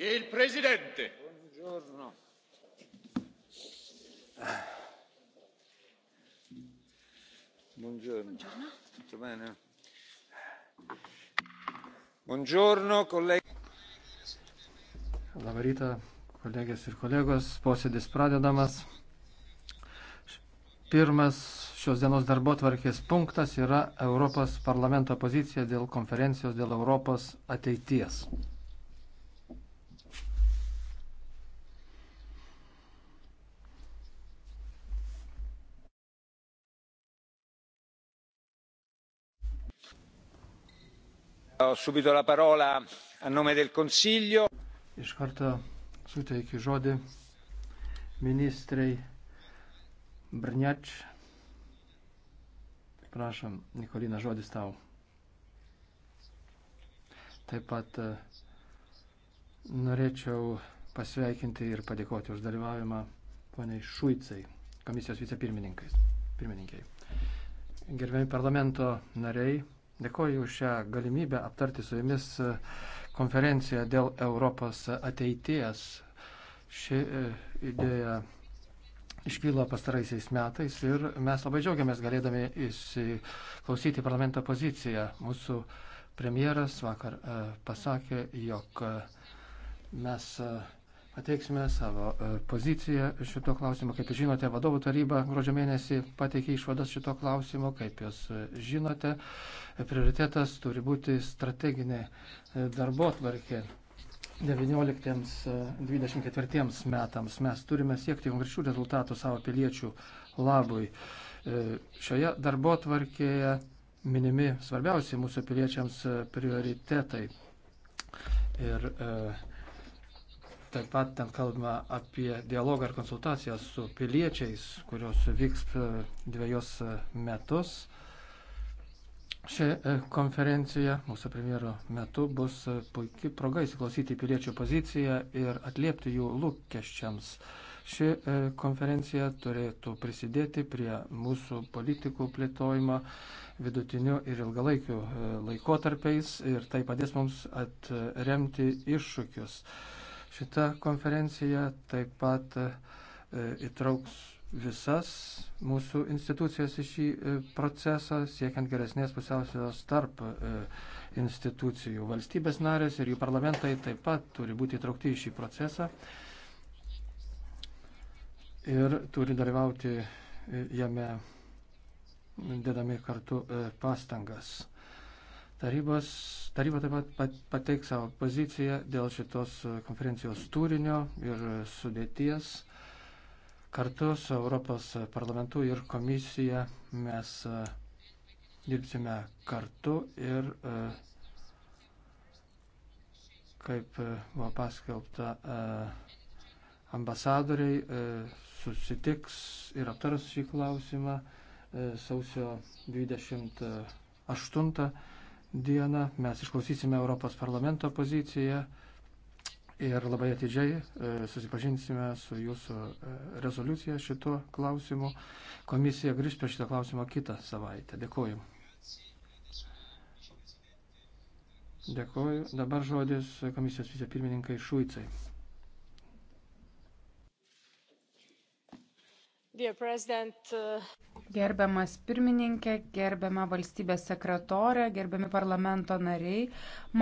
Il Presidente. Buongiorno. Buongiorno. Buongiorno. Tutto bene? Buongiorno, colleghi. Labą rytą, kolegės ir kolegos. Posėdis pradedamas. Pirmas šios dienos darbo tvarkės punktas yra Europos parlamento pozicija dėl konferencijos dėl Europos ateities. Subito la parola a nome del Consiglio. Iš karto suteikiu žodį ministrei Brniač. Prašom, Nikolina, žodis tau. Taip pat e, norėčiau pasveikinti ir padėkoti už dalyvavimą poniai Šuicai, komisijos vicepirmininkai. Gerbiami parlamento nariai, Dėkoju už šią galimybę aptarti su jumis e, konferenciją dėl Europos ateities. Ši e, idėja iškyla pastaraisiais metais ir mes labai džiaugiamės galėdami įsiklausyti parlamento poziciją. Mūsų premjeras vakar e, pasakė, jog mes pateiksime savo e, poziciją šito klausimo. Kaip žinote, vadovų taryba gruodžio mėnesį pateikė išvadas šito klausimo. Kaip jūs e, žinote, e, prioritetas turi būti strateginė darbo atvarkė. 19-24 metams mes turime siekti konkrečių rezultatų savo piliečių labui. Šioje darbo tvarkėje minimi svarbiausi mūsų piliečiams prioritetai. Ir e, Taip pat ten kalbama apie dialogą ir konsultaciją su piliečiais, kurios vyks e, dviejos e, metus. Ši e, konferencija mūsų premjero metu bus puikiai proga įsiklausyti piliečių poziciją ir atliepti jų lūkesčiams. Ši konferencija turėtų prisidėti prie mūsų politikų plėtojimo vidutiniu ir ilgalaikiu laikotarpiais ir tai padės mums atremti iššūkius. Šita konferencija taip pat e, įtrauks visas mūsų institucijas į šį e, procesą, siekiant geresnės pusiausvėros tarp e, institucijų. Valstybės narės ir jų parlamentai taip pat turi būti įtraukti į šį procesą ir turi dalyvauti jame dėdami kartu pastangas. Tarybos, taryba taip pat pateiks savo poziciją dėl šitos konferencijos turinio ir sudėties. Kartu su Europos parlamentu ir komisija mes e, dirbsime kartu ir e, kaip e, buvo paskelbta ambasadoriai susitiks ir aptars šį klausimą sausio 28 dieną mes išklausysime Europos parlamento poziciją ir labai atidžiai e, susipažinsime su jūsų e, rezoliucija šito klausimu. Komisija grįž prie šito klausimo kitą savaitę. Dėkuoju. Dėkuoju. Dabar žodis komisijos vicepirmininkai Šuicai. Uh, Gerbiamas pirmininkė, gerbiama valstybės sekretorė, gerbiami parlamento nariai,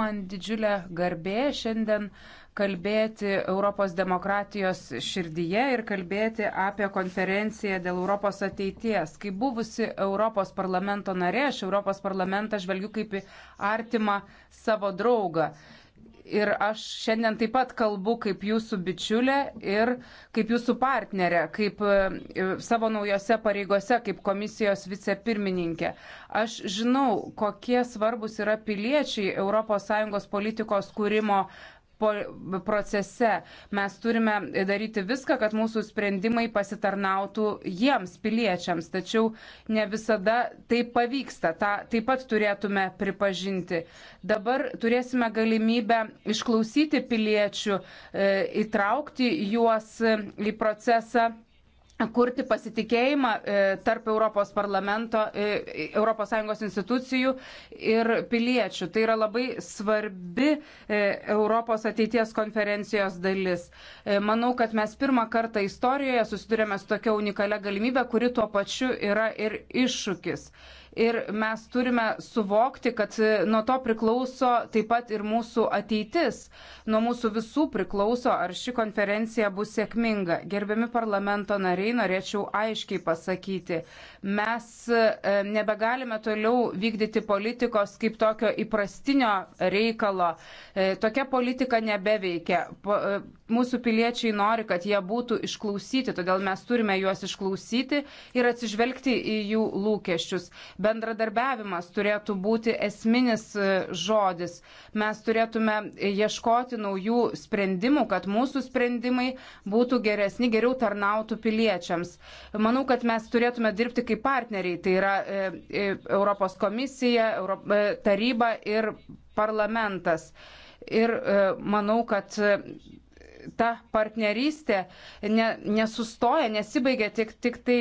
man didžiulė garbė šiandien kalbėti Europos demokratijos širdyje ir kalbėti apie konferenciją dėl Europos ateities. Kai buvusi Europos parlamento narė, aš Europos parlamentą žvelgiu kaip į artimą savo draugą ir aš šiandien taip pat kalbu kaip jūsų bičiulė ir kaip jūsų partnerė, kaip e, savo naujose pareigose, kaip komisijos vicepirmininkė. Aš žinau, kokie svarbus yra piliečiai ES politikos kūrimo procese. Mes turime daryti viską, kad mūsų sprendimai pasitarnautų jiems, piliečiams, tačiau ne visada tai pavyksta. Ta taip pat turėtume pripažinti. Dabar turėsime galimybę išklausyti piliečių, e, įtraukti juos į procesą kurti pasitikėjimą e, tarp Europos parlamento, ES institucijų ir piliečių. Tai yra labai svarbi e, Europos ateities konferencijos dalis. E, manau, kad mes pirmą kartą istorijoje susidurėme su tokia unikalia galimybė, kuri tuo pačiu yra ir iššūkis ir mes turime suvokti, kad e, nuo to priklauso taip pat ir mūsų ateitis. Nuo mūsų visų priklauso, ar ši konferencija bus sėkminga. Gerbiami parlamento nariai, norėčiau aiškiai pasakyti, mes e, nebegalime toliau vykdyti politikos kaip tokio įprastinio reikalo. E, tokia politika nebeveikia mūsų piliečiai nori, kad jie būtų išklausyti, todėl mes turime juos išklausyti ir atsižvelgti į jų lūkesčius. Bendradarbiavimas turėtų būti esminis e, žodis. Mes turėtume ieškoti naujų sprendimų, kad mūsų sprendimai būtų geresni, geriau tarnautų piliečiams. Manau, kad mes turėtume dirbti kaip partneriai, tai yra e, e, Europos komisija, taryba ir parlamentas. Ir manau, kad ta partnerystė ne, nesustoja, nesibaigia tik, tik tai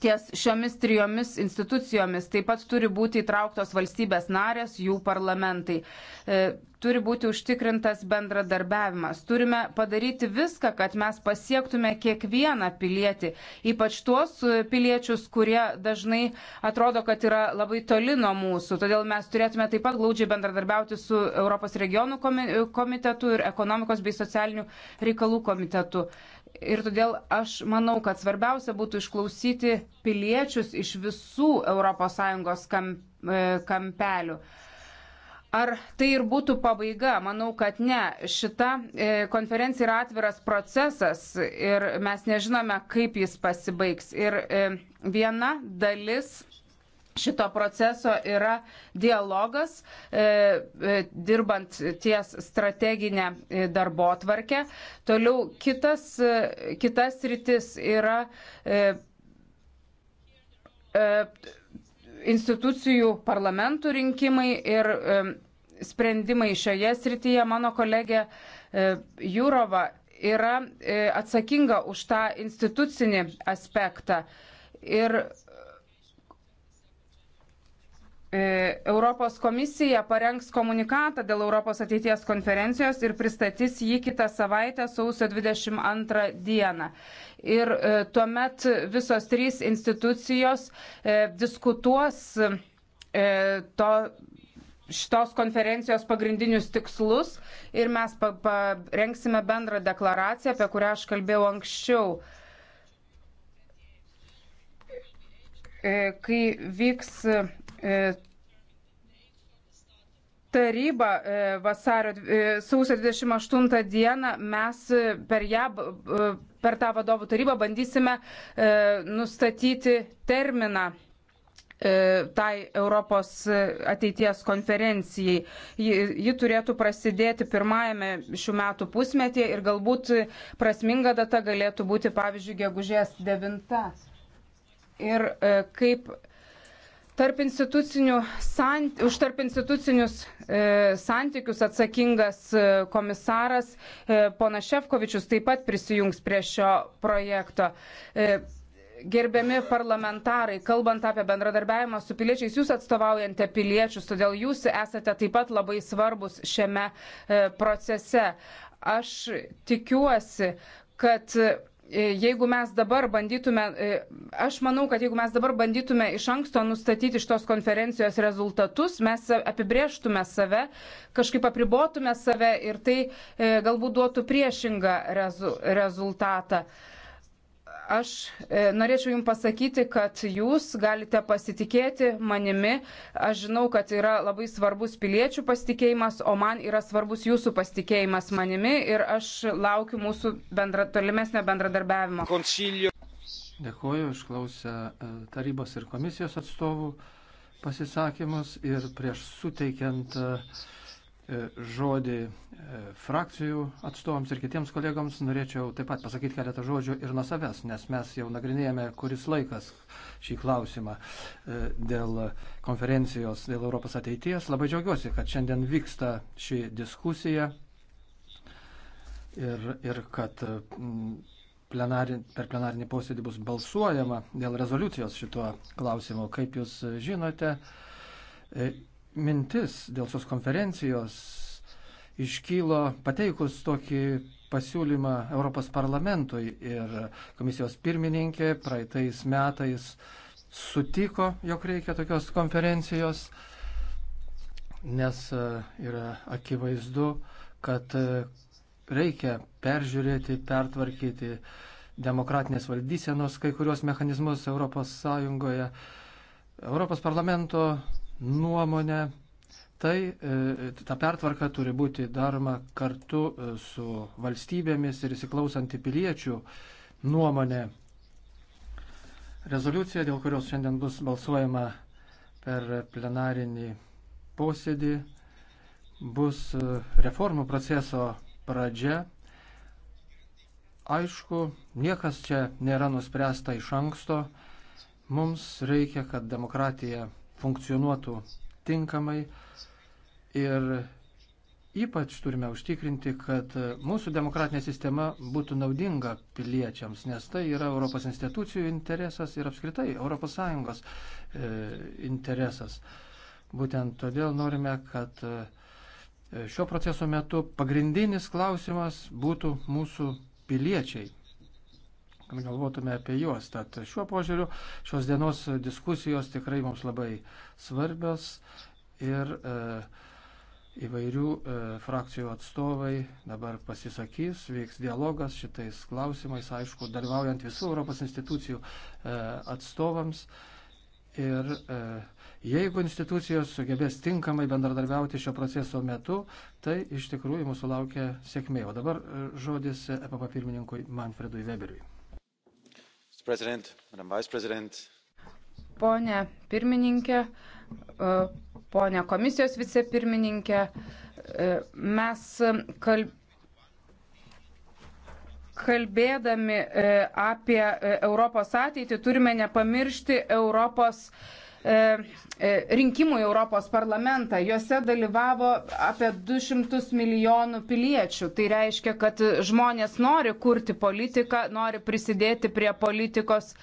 ties šiomis trijomis institucijomis taip pat turi būti įtrauktos valstybės narės, jų parlamentai. E, turi būti užtikrintas bendradarbiavimas. Turime padaryti viską, kad mes pasiektume kiekvieną pilietį, ypač tuos piliečius, kurie dažnai atrodo, kad yra labai toli nuo mūsų. Todėl mes turėtume taip pat glaudžiai bendradarbiauti su Europos regionų komitetu ir ekonomikos bei socialinių reikalų komitetu. Ir todėl aš manau, kad svarbiausia būtų išklausyti piliečius iš visų ES e, kampelių. Ar tai ir būtų pabaiga? Manau, kad ne. Šita e, konferencija yra atviras procesas ir mes nežinome, kaip jis pasibaigs. Ir e, viena dalis šito proceso yra dialogas, e, e, dirbant ties strateginę e, darbo tvarkę. Toliau kitas, kitas rytis yra institucijų parlamentų rinkimai ir sprendimai šioje srityje. Mano kolegė Jūrova yra atsakinga už tą institucinį aspektą. Ir E, Europos komisija parengs komunikatą dėl Europos ateities konferencijos ir pristatys jį kitą savaitę sausio 22 dieną. Ir e, tuomet visos trys institucijos e, diskutuos to šitos konferencijos pagrindinius tikslus ir mes parengsime bendrą deklaraciją, apie kurią aš kalbėjau anksčiau. Kai vyks E, taryba e, vasario, e, sausio 28 dieną mes per ją, per tą vadovų tarybą bandysime nustatyti terminą tai Europos ateities konferencijai. Ji, ji turėtų prasidėti pirmajame šių metų pusmetyje ir galbūt prasminga data galėtų būti, pavyzdžiui, gegužės 9. Ir kaip Tarp sant, už tarp institucinius e, santykius atsakingas e, komisaras e, pona Šefkovičius taip pat prisijungs prie šio projekto. E, Gerbiami parlamentarai, kalbant apie bendradarbiavimą su piliečiais, jūs atstovaujate piliečius, todėl jūs esate taip pat labai svarbus šiame e, procese. Aš tikiuosi, kad E, jeigu mes dabar bandytume, e, aš manau, kad jeigu mes dabar bandytume iš anksto nustatyti šitos konferencijos rezultatus, mes apibrieštume save, kažkaip apribotume save ir tai e, galbūt duotų priešingą rezu, rezultatą aš e, norėčiau Jums pasakyti, kad Jūs galite pasitikėti manimi. Aš žinau, kad yra labai svarbus piliečių pasitikėjimas, o man yra svarbus Jūsų pasitikėjimas manimi ir aš laukiu mūsų bendra, tolimesnio bendradarbiavimo. Konsilio. Dėkuoju, išklausę e, tarybos ir komisijos atstovų pasisakymus ir prieš suteikiant uh, E, žodį e, frakcijų atstovams ir kitiems kolegams, norėčiau taip pat pasakyti keletą žodžių ir nuo savęs, nes mes jau nagrinėjame kuris laikas šį klausimą e, dėl konferencijos dėl Europos ateities. Labai džiaugiuosi, kad šiandien vyksta ši diskusija ir, ir kad plenari, per plenarinį posėdį bus balsuojama dėl rezoliucijos šituo klausimu. Kaip jūs žinote, mintis dėl šios konferencijos iškylo pateikus tokį pasiūlymą Europos parlamentui ir komisijos pirmininkė praeitais metais sutiko, jog reikia tokios konferencijos, nes e, yra akivaizdu, kad e, reikia peržiūrėti, pertvarkyti demokratinės valdysenos kai kurios mechanizmus Europos Sąjungoje. Europos parlamento nuomonę, tai e, ta pertvarka turi būti daroma kartu e, su valstybėmis ir įsiklausanti piliečių nuomonė. Rezoliucija, dėl kurios šiandien bus balsuojama per plenarinį posėdį, bus e, reformų proceso pradžia. Aišku, niekas čia nėra nuspręsta iš anksto. Mums reikia, kad demokratija funkcionuotų tinkamai ir ypač turime užtikrinti, kad mūsų demokratinė sistema būtų naudinga piliečiams, nes tai yra Europos institucijų interesas ir apskritai ES e, interesas. Būtent todėl norime, kad e, šio proceso metu pagrindinis klausimas būtų mūsų piliečiai, kad galvotume apie juos. Tad šiuo požiūriu šios dienos diskusijos tikrai mums labai svarbios ir e, įvairių e, frakcijų atstovai dabar pasisakys, vyks dialogas šitais klausimais, aišku, dalyvaujant visų Europos institucijų e, atstovams. Ir e, jeigu institucijos sugebės tinkamai bendradarbiauti šio proceso metu, tai iš tikrųjų mūsų laukia sėkmė. O dabar e, žodis EPP pirmininkui Manfredui Weberiui. Pone pirmininkė, e, pone komisijos vicepirmininkė, e, mes kalbėjome kalbėdami e, apie Europos ateitį turime nepamiršti Europos E, e, rinkimų į Europos parlamentą. Juose dalyvavo apie 200 milijonų piliečių. Tai reiškia, kad žmonės nori kurti politiką, nori prisidėti prie politikos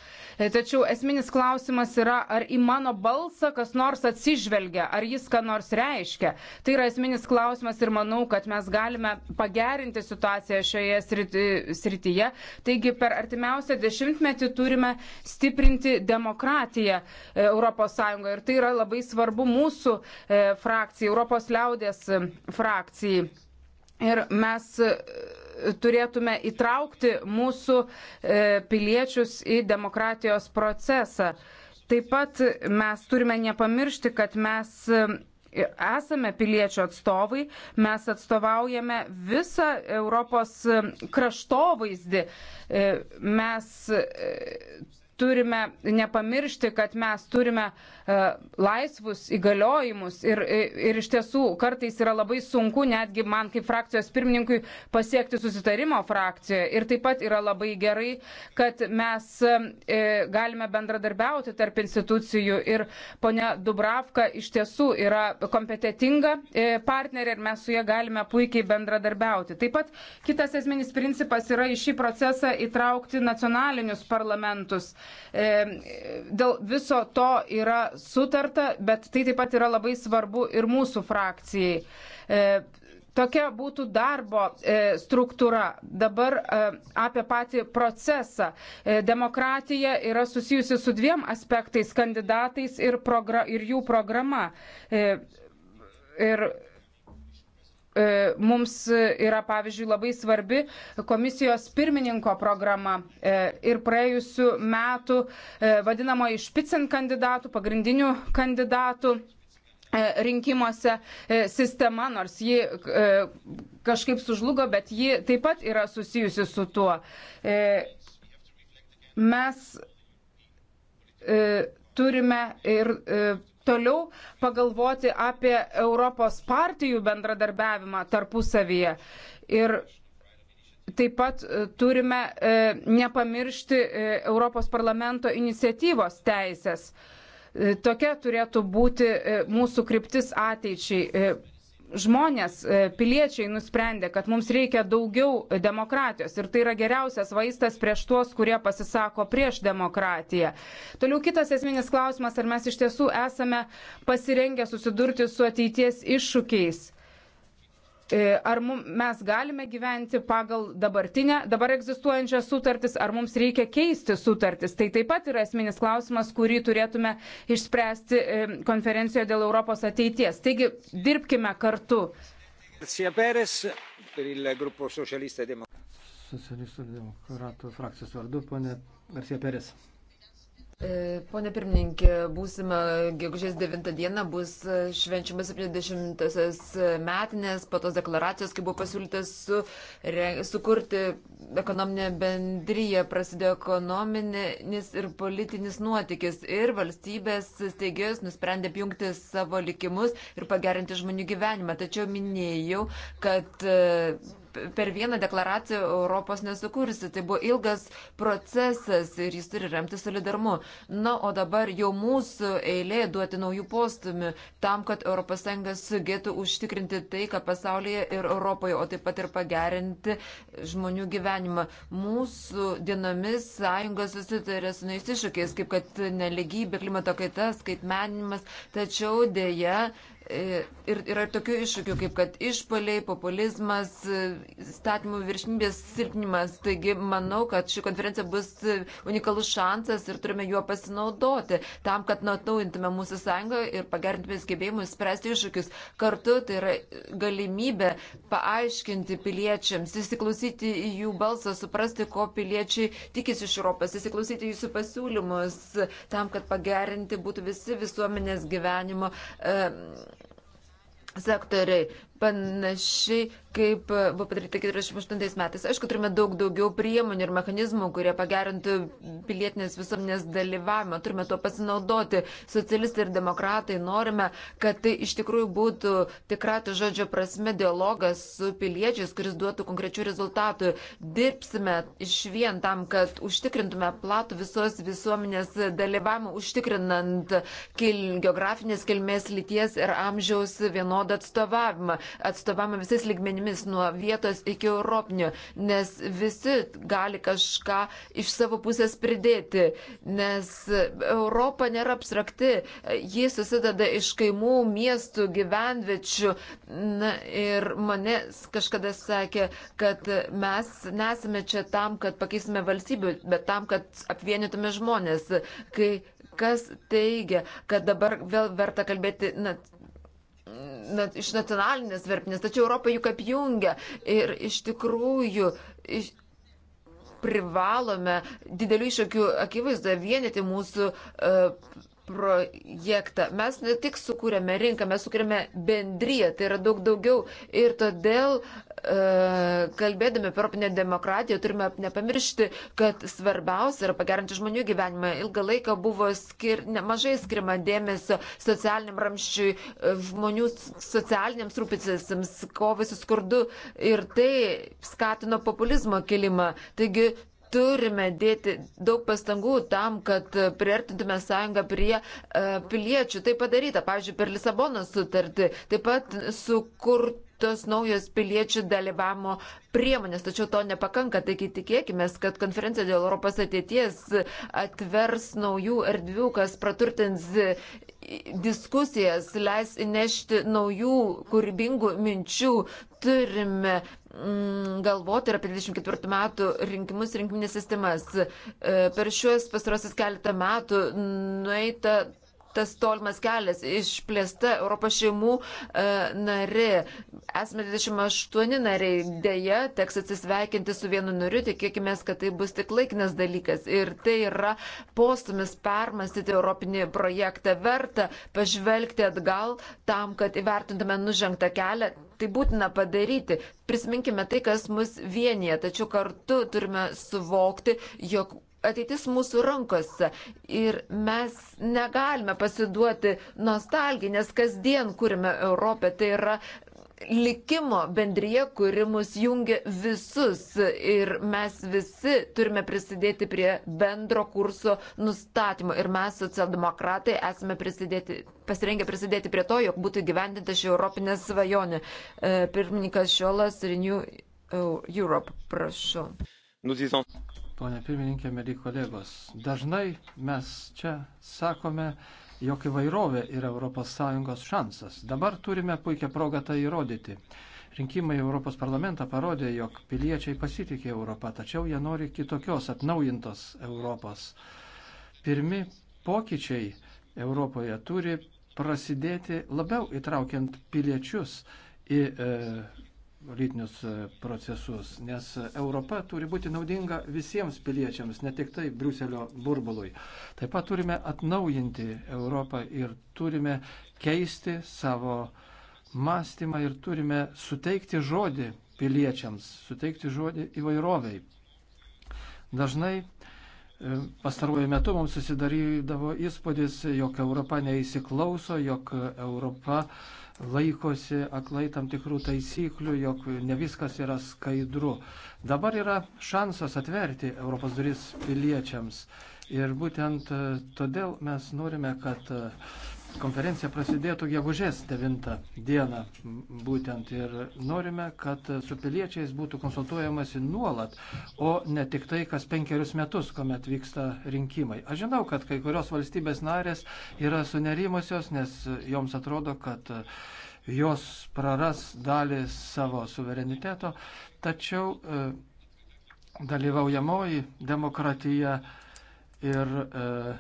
E, tačiau esminis klausimas yra, ar į mano balsą kas nors atsižvelgia, ar jis ką nors reiškia. Tai yra esminis klausimas ir manau, kad mes galime pagerinti situaciją šioje srityje. Taigi per artimiausią dešimtmetį turime stiprinti demokratiją ES. Ir tai yra labai svarbu mūsų e, frakcijai, Europos liaudės e, frakcijai. Ir mes e, turėtume įtraukti mūsų e, piliečius į demokratijos procesą. Taip pat mes turime nepamiršti, kad mes e, esame piliečių atstovai, mes atstovaujame visą Europos kraštovaizdį. Mes turime nepamiršti, kad mes turime e, laisvus įgaliojimus ir, e, ir iš tiesų kartais yra labai sunku netgi man kaip frakcijos pirmininkui pasiekti susitarimo frakcijoje. Ir taip pat yra labai gerai, kad mes e, galime bendradarbiauti tarp institucijų ir ponia Dubravka iš tiesų yra kompetitinga e, partnerė ir mes su ja galime puikiai bendradarbiauti. Taip pat kitas esminis principas yra į šį procesą įtraukti nacionalinius parlamentus. Dėl viso to yra sutarta, bet tai taip pat yra labai svarbu ir mūsų frakcijai. Tokia būtų darbo e, struktūra. Dabar e, apie patį procesą. E, demokratija yra susijusi su dviem aspektais - kandidatais ir, ir jų programa. E, ir E, mums yra, pavyzdžiui, labai svarbi komisijos pirmininko programa e, ir praėjusių metų e, vadinamo išpicin kandidatų, pagrindinių kandidatų rinkimuose sistema, nors ji kažkaip sužlugo, bet ji taip pat yra susijusi su tuo. Mes turime ir toliau pagalvoti apie Europos partijų bendradarbiavimą tarpusavyje. Ir taip pat e, turime e, nepamiršti e, Europos parlamento iniciatyvos teisės. Tokia turėtų būti mūsų kryptis ateičiai žmonės, e, piliečiai nusprendė, kad mums reikia daugiau demokratijos ir tai yra geriausias vaistas prieš tuos, kurie pasisako prieš demokratiją. Toliau kitas esminis klausimas, ar mes iš tiesų esame pasirengę susidurti su ateities iššūkiais. E, ar mum, mes galime gyventi pagal dabartinę, dabar egzistuojančią sutartis, ar mums reikia keisti sutartis. Tai taip pat yra esminis klausimas, kurį turėtume išspręsti e, konferencijoje dėl Europos ateities. Taigi dirbkime kartu. Socialistų e demokratų frakcijos vardu, ponė Garcia Peres. E, pone pirmininkė, būsime gegužės 9 dieną, bus švenčiamas 70-asias metinės, po tos deklaracijos, kai buvo pasiūlytas su, re, sukurti ekonominę bendryją, prasidėjo ekonominis ir politinis nuotykis ir valstybės steigėjus nusprendė apjungti savo likimus ir pagerinti žmonių gyvenimą. Tačiau minėjau, kad e, per vieną deklaraciją Europos nesukursi. Tai buvo ilgas procesas ir jis turi remti solidarumu. Na, o dabar jau mūsų eilė duoti naujų postumių tam, kad ES sugėtų užtikrinti tai, ką pasaulyje ir Europoje, o taip pat ir pagerinti žmonių gyvenimą. Mūsų dienomis sąjunga susitarė su nais iššūkiais, kaip kad neligybė, klimato kaita, skaitmenimas, tačiau dėja, E, ir yra ir tokių iššūkių, kaip kad išpoliai, populizmas, e, statymų viršnybės silpnimas. Taigi manau, kad ši konferencija bus unikalus šansas ir turime juo pasinaudoti tam, kad nataujintume mūsų sąjungą ir pagerintume skebėjimus spręsti iššūkius. Kartu tai yra galimybė paaiškinti piliečiams, įsiklausyti į jų balsą, suprasti, ko piliečiai tikisi iš Europos, įsiklausyti jūsų pasiūlymus tam, kad pagerinti būtų visi visuomenės gyvenimo. E, sektoriai panašiai kaip buvo padaryta 48 metais. Aišku, turime daug daugiau priemonių ir mechanizmų, kurie pagerintų pilietinės visuomenės dalyvavimą. Turime tuo pasinaudoti. Socialistai ir demokratai norime, kad tai iš tikrųjų būtų tikratų žodžio prasme dialogas su piliečiais, kuris duotų konkrečių rezultatų. Dirbsime iš vien tam, kad užtikrintume platų visos visuomenės dalyvavimą, užtikrinant kil, geografinės kilmės lyties ir amžiaus vienodą atstovavimą atstovama visais ligmenimis nuo vietos iki europinio, nes visi gali kažką iš savo pusės pridėti, nes Europa nėra abstrakti, ji susideda iš kaimų, miestų, gyvenviečių. Na, ir mane kažkada sakė, kad mes nesame čia tam, kad pakeisime valstybių, bet tam, kad apvienytume žmonės. Kai kas teigia, kad dabar vėl verta kalbėti na, na, iš nacionalinės verpinės, tačiau Europą juk apjungia ir iš tikrųjų iš, privalome didelių iššūkių akivaizdoje vienyti mūsų uh, projektą. Mes ne tik sukūrėme rinką, mes sukūrėme bendryje, tai yra daug daugiau. Ir todėl, e, kalbėdami apie Europinę demokratiją, turime nepamiršti, kad svarbiausia yra pagerinti žmonių gyvenimą. Ilgą laiką buvo skir... nemažai skirima dėmesio socialiniam ramščiui, e, žmonių socialiniams rūpicėsiams, kovai su skurdu. Ir tai skatino populizmo kilimą. Taigi turime dėti daug pastangų tam, kad priartintume sąjungą prie e, piliečių. Tai padaryta, pavyzdžiui, per Lisabono sutartį. Taip pat sukurti numatytos naujos piliečių dalyvavimo priemonės, tačiau to nepakanka, taigi tikėkime, kad konferencija dėl Europos ateities atvers naujų erdvių, kas praturtins diskusijas, leis įnešti naujų kūrybingų minčių. Turime mm, galvoti ir apie 24 metų rinkimus, rinkiminės sistemas. E, per šiuos pastarosius keletą metų nueita tas tolimas kelias, išplėsta Europos šeimų e, nari. Esame 28 nariai, dėja, teks atsisveikinti su vienu nariu, tikėkime, kad tai bus tik laikinas dalykas. Ir tai yra postumis permastyti Europinį projektą. Verta pažvelgti atgal tam, kad įvertintume nužengtą kelią. Tai būtina padaryti. Prisiminkime tai, kas mus vienyje, tačiau kartu turime suvokti, jog ateitis mūsų rankose ir mes negalime pasiduoti nostalgijai, nes kasdien kūrime Europą. Tai yra likimo bendryje, kuri mus jungia visus ir mes visi turime prisidėti prie bendro kurso nustatymo. Ir mes, socialdemokratai, esame prisidėti, pasirengę prisidėti prie to, jog būtų gyvendinta ši Europinė svajonė. E, pirmininkas Šiolas, Renew Europe, prašau. Pone pirmininkė, mėly kolegos, dažnai mes čia sakome, jog įvairovė yra ES šansas. Dabar turime puikią progą tai įrodyti. Rinkimai Europos parlamentą parodė, jog piliečiai pasitikė Europą, tačiau jie nori kitokios atnaujintos Europos. Pirmi pokyčiai Europoje turi prasidėti labiau įtraukiant piliečius į e, politinius e, procesus, nes Europa turi būti naudinga visiems piliečiams, ne tik tai Briuselio burbului. Taip pat turime atnaujinti Europą ir turime keisti savo mąstymą ir turime suteikti žodį piliečiams, suteikti žodį įvairoviai. Dažnai Pastaruoju metu mums susidarydavo įspūdis, jog Europa neįsiklauso, jog Europa laikosi aklai tam tikrų taisyklių, jog ne viskas yra skaidru. Dabar yra šansas atverti Europos duris piliečiams. Ir būtent todėl mes norime, kad konferencija prasidėtų gegužės 9 dieną būtent ir norime, kad su piliečiais būtų konsultuojamasi nuolat, o ne tik tai kas penkerius metus, kuomet vyksta rinkimai. Aš žinau, kad kai kurios valstybės narės yra sunerimusios, nes joms atrodo, kad jos praras dalį savo suvereniteto, tačiau e, dalyvaujamoji demokratija ir e,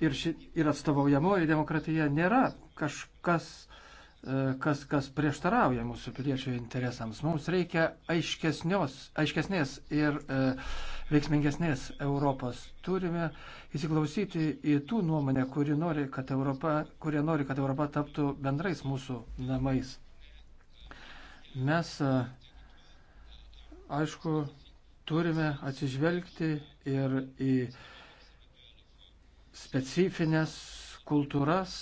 ir, ši, ir atstovaujamoji demokratija nėra kažkas, e, kas, kas prieštarauja mūsų piliečių interesams. Mums reikia aiškesnės ir e, veiksmingesnės Europos. Turime įsiklausyti į tų nuomonę, kuri nori, kad Europa, kurie nori, kad Europa taptų bendrais mūsų namais. Mes, e, aišku, turime atsižvelgti ir į specifines kultūras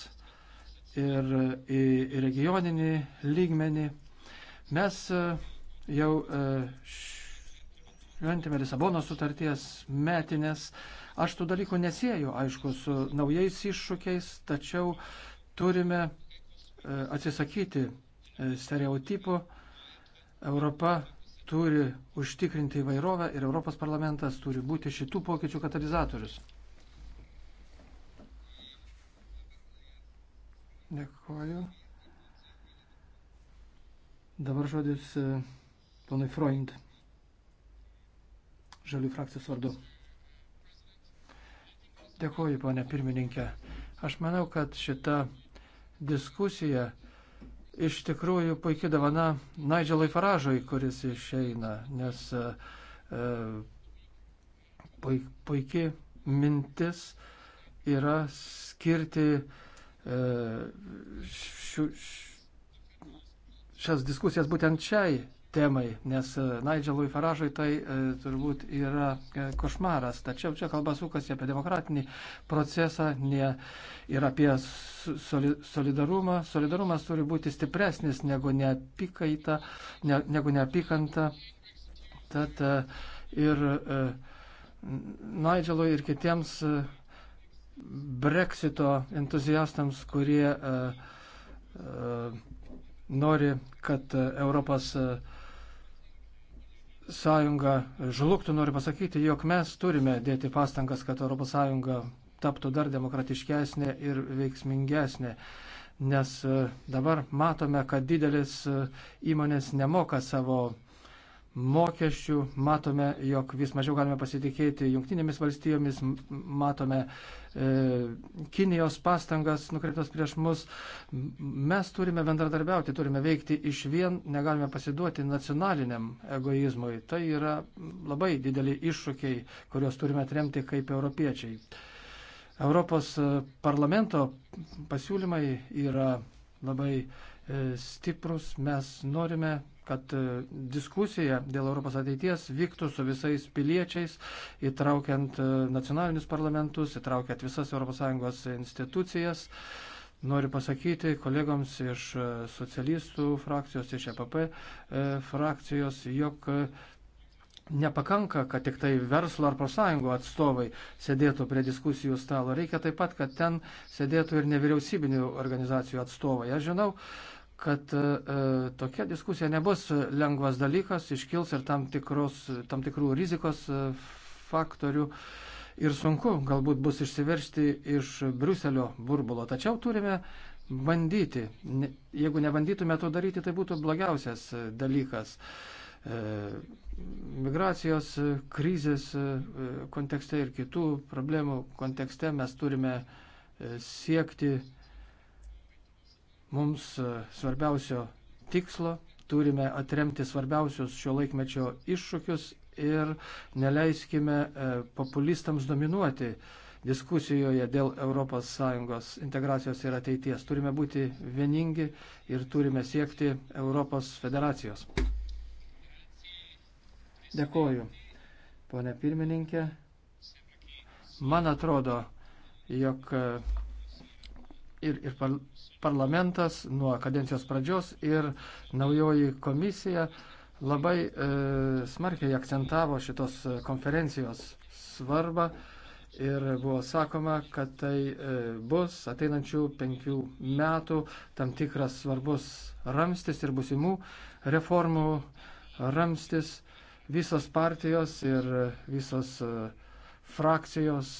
ir į regioninį lygmenį. Mes e, jau e, šventėme Lisabonos sutarties metinės. Aš tų dalykų nesieju, aišku, su naujais iššūkiais, tačiau turime e, atsisakyti stereotipų. Europa turi užtikrinti įvairovę ir Europos parlamentas turi būti šitų pokyčių katalizatorius. Dėkuoju. Dabar žodis e, ponui Freund, žalių frakcijos vardu. Dėkuoju, ponė pirmininkė. Aš manau, kad šita diskusija iš tikrųjų puikiai davana Naidželai Faražui, kuris išeina, nes e, e puikiai mintis yra skirti e, E, šių, šias diskusijas būtent šiai temai, nes e, Nigelui Faražui tai e, turbūt yra košmaras. Tačiau čia kalba sukasi apie demokratinį procesą ne, ir apie soli, solidarumą. Solidarumas turi būti stipresnis negu neapykaita, ne, negu neapykanta. Tad ir Nigelui ir kitiems breksito entuziastams, kurie uh, uh, nori, kad e, Europos sąjunga žlugtų, noriu pasakyti, jog mes turime dėti pastangas, kad Europos sąjunga taptų dar demokratiškesnė ir veiksmingesnė. Nes dabar matome, kad didelis įmonės nemoka savo mokesčių, matome, jog vis mažiau galime pasitikėti jungtinėmis valstijomis, matome e, Kinijos pastangas nukreiptas prieš mus. Mes turime bendradarbiauti, turime veikti iš vien, negalime pasiduoti nacionaliniam egoizmui. Tai yra labai dideli iššūkiai, kuriuos turime atremti kaip europiečiai. Europos e, parlamento pasiūlymai yra labai e, stiprus, mes norime kad e, diskusija dėl Europos ateities vyktų su visais piliečiais, įtraukiant e, nacionalinius parlamentus, įtraukiant visas ES institucijas. Noriu pasakyti kolegoms iš e, socialistų frakcijos, iš EPP frakcijos, jog nepakanka, kad tik tai verslo ar profsąjungų atstovai sėdėtų prie diskusijų stalo. Reikia taip pat, kad ten sėdėtų ir nevyriausybinių organizacijų atstovai. Aš žinau, kad e, tokia diskusija nebus lengvas dalykas, iškils ir tam, tikros, tam tikrų rizikos e, faktorių ir sunku galbūt bus išsiveršti iš Briuselio burbulo. Tačiau turime bandyti. Ne, jeigu nebandytume to daryti, tai būtų blogiausias dalykas. E, migracijos krizės e, kontekste ir kitų problemų kontekste mes turime e, siekti mums e, svarbiausio tikslo, turime atremti svarbiausius šio laikmečio iššūkius ir neleiskime e, populistams dominuoti diskusijoje dėl ES integracijos ir ateities. Turime būti vieningi ir turime siekti Europos federacijos. Dėkoju, ponė pirmininkė. Man atrodo, jog e, ir, ir par, parlamentas nuo kadencijos pradžios ir naujoji komisija labai e, smarkiai akcentavo šitos e, konferencijos svarbą ir buvo sakoma, kad tai e, bus ateinančių penkių metų tam tikras svarbus ramstis ir busimų reformų ramstis. Visos partijos ir visos e, frakcijos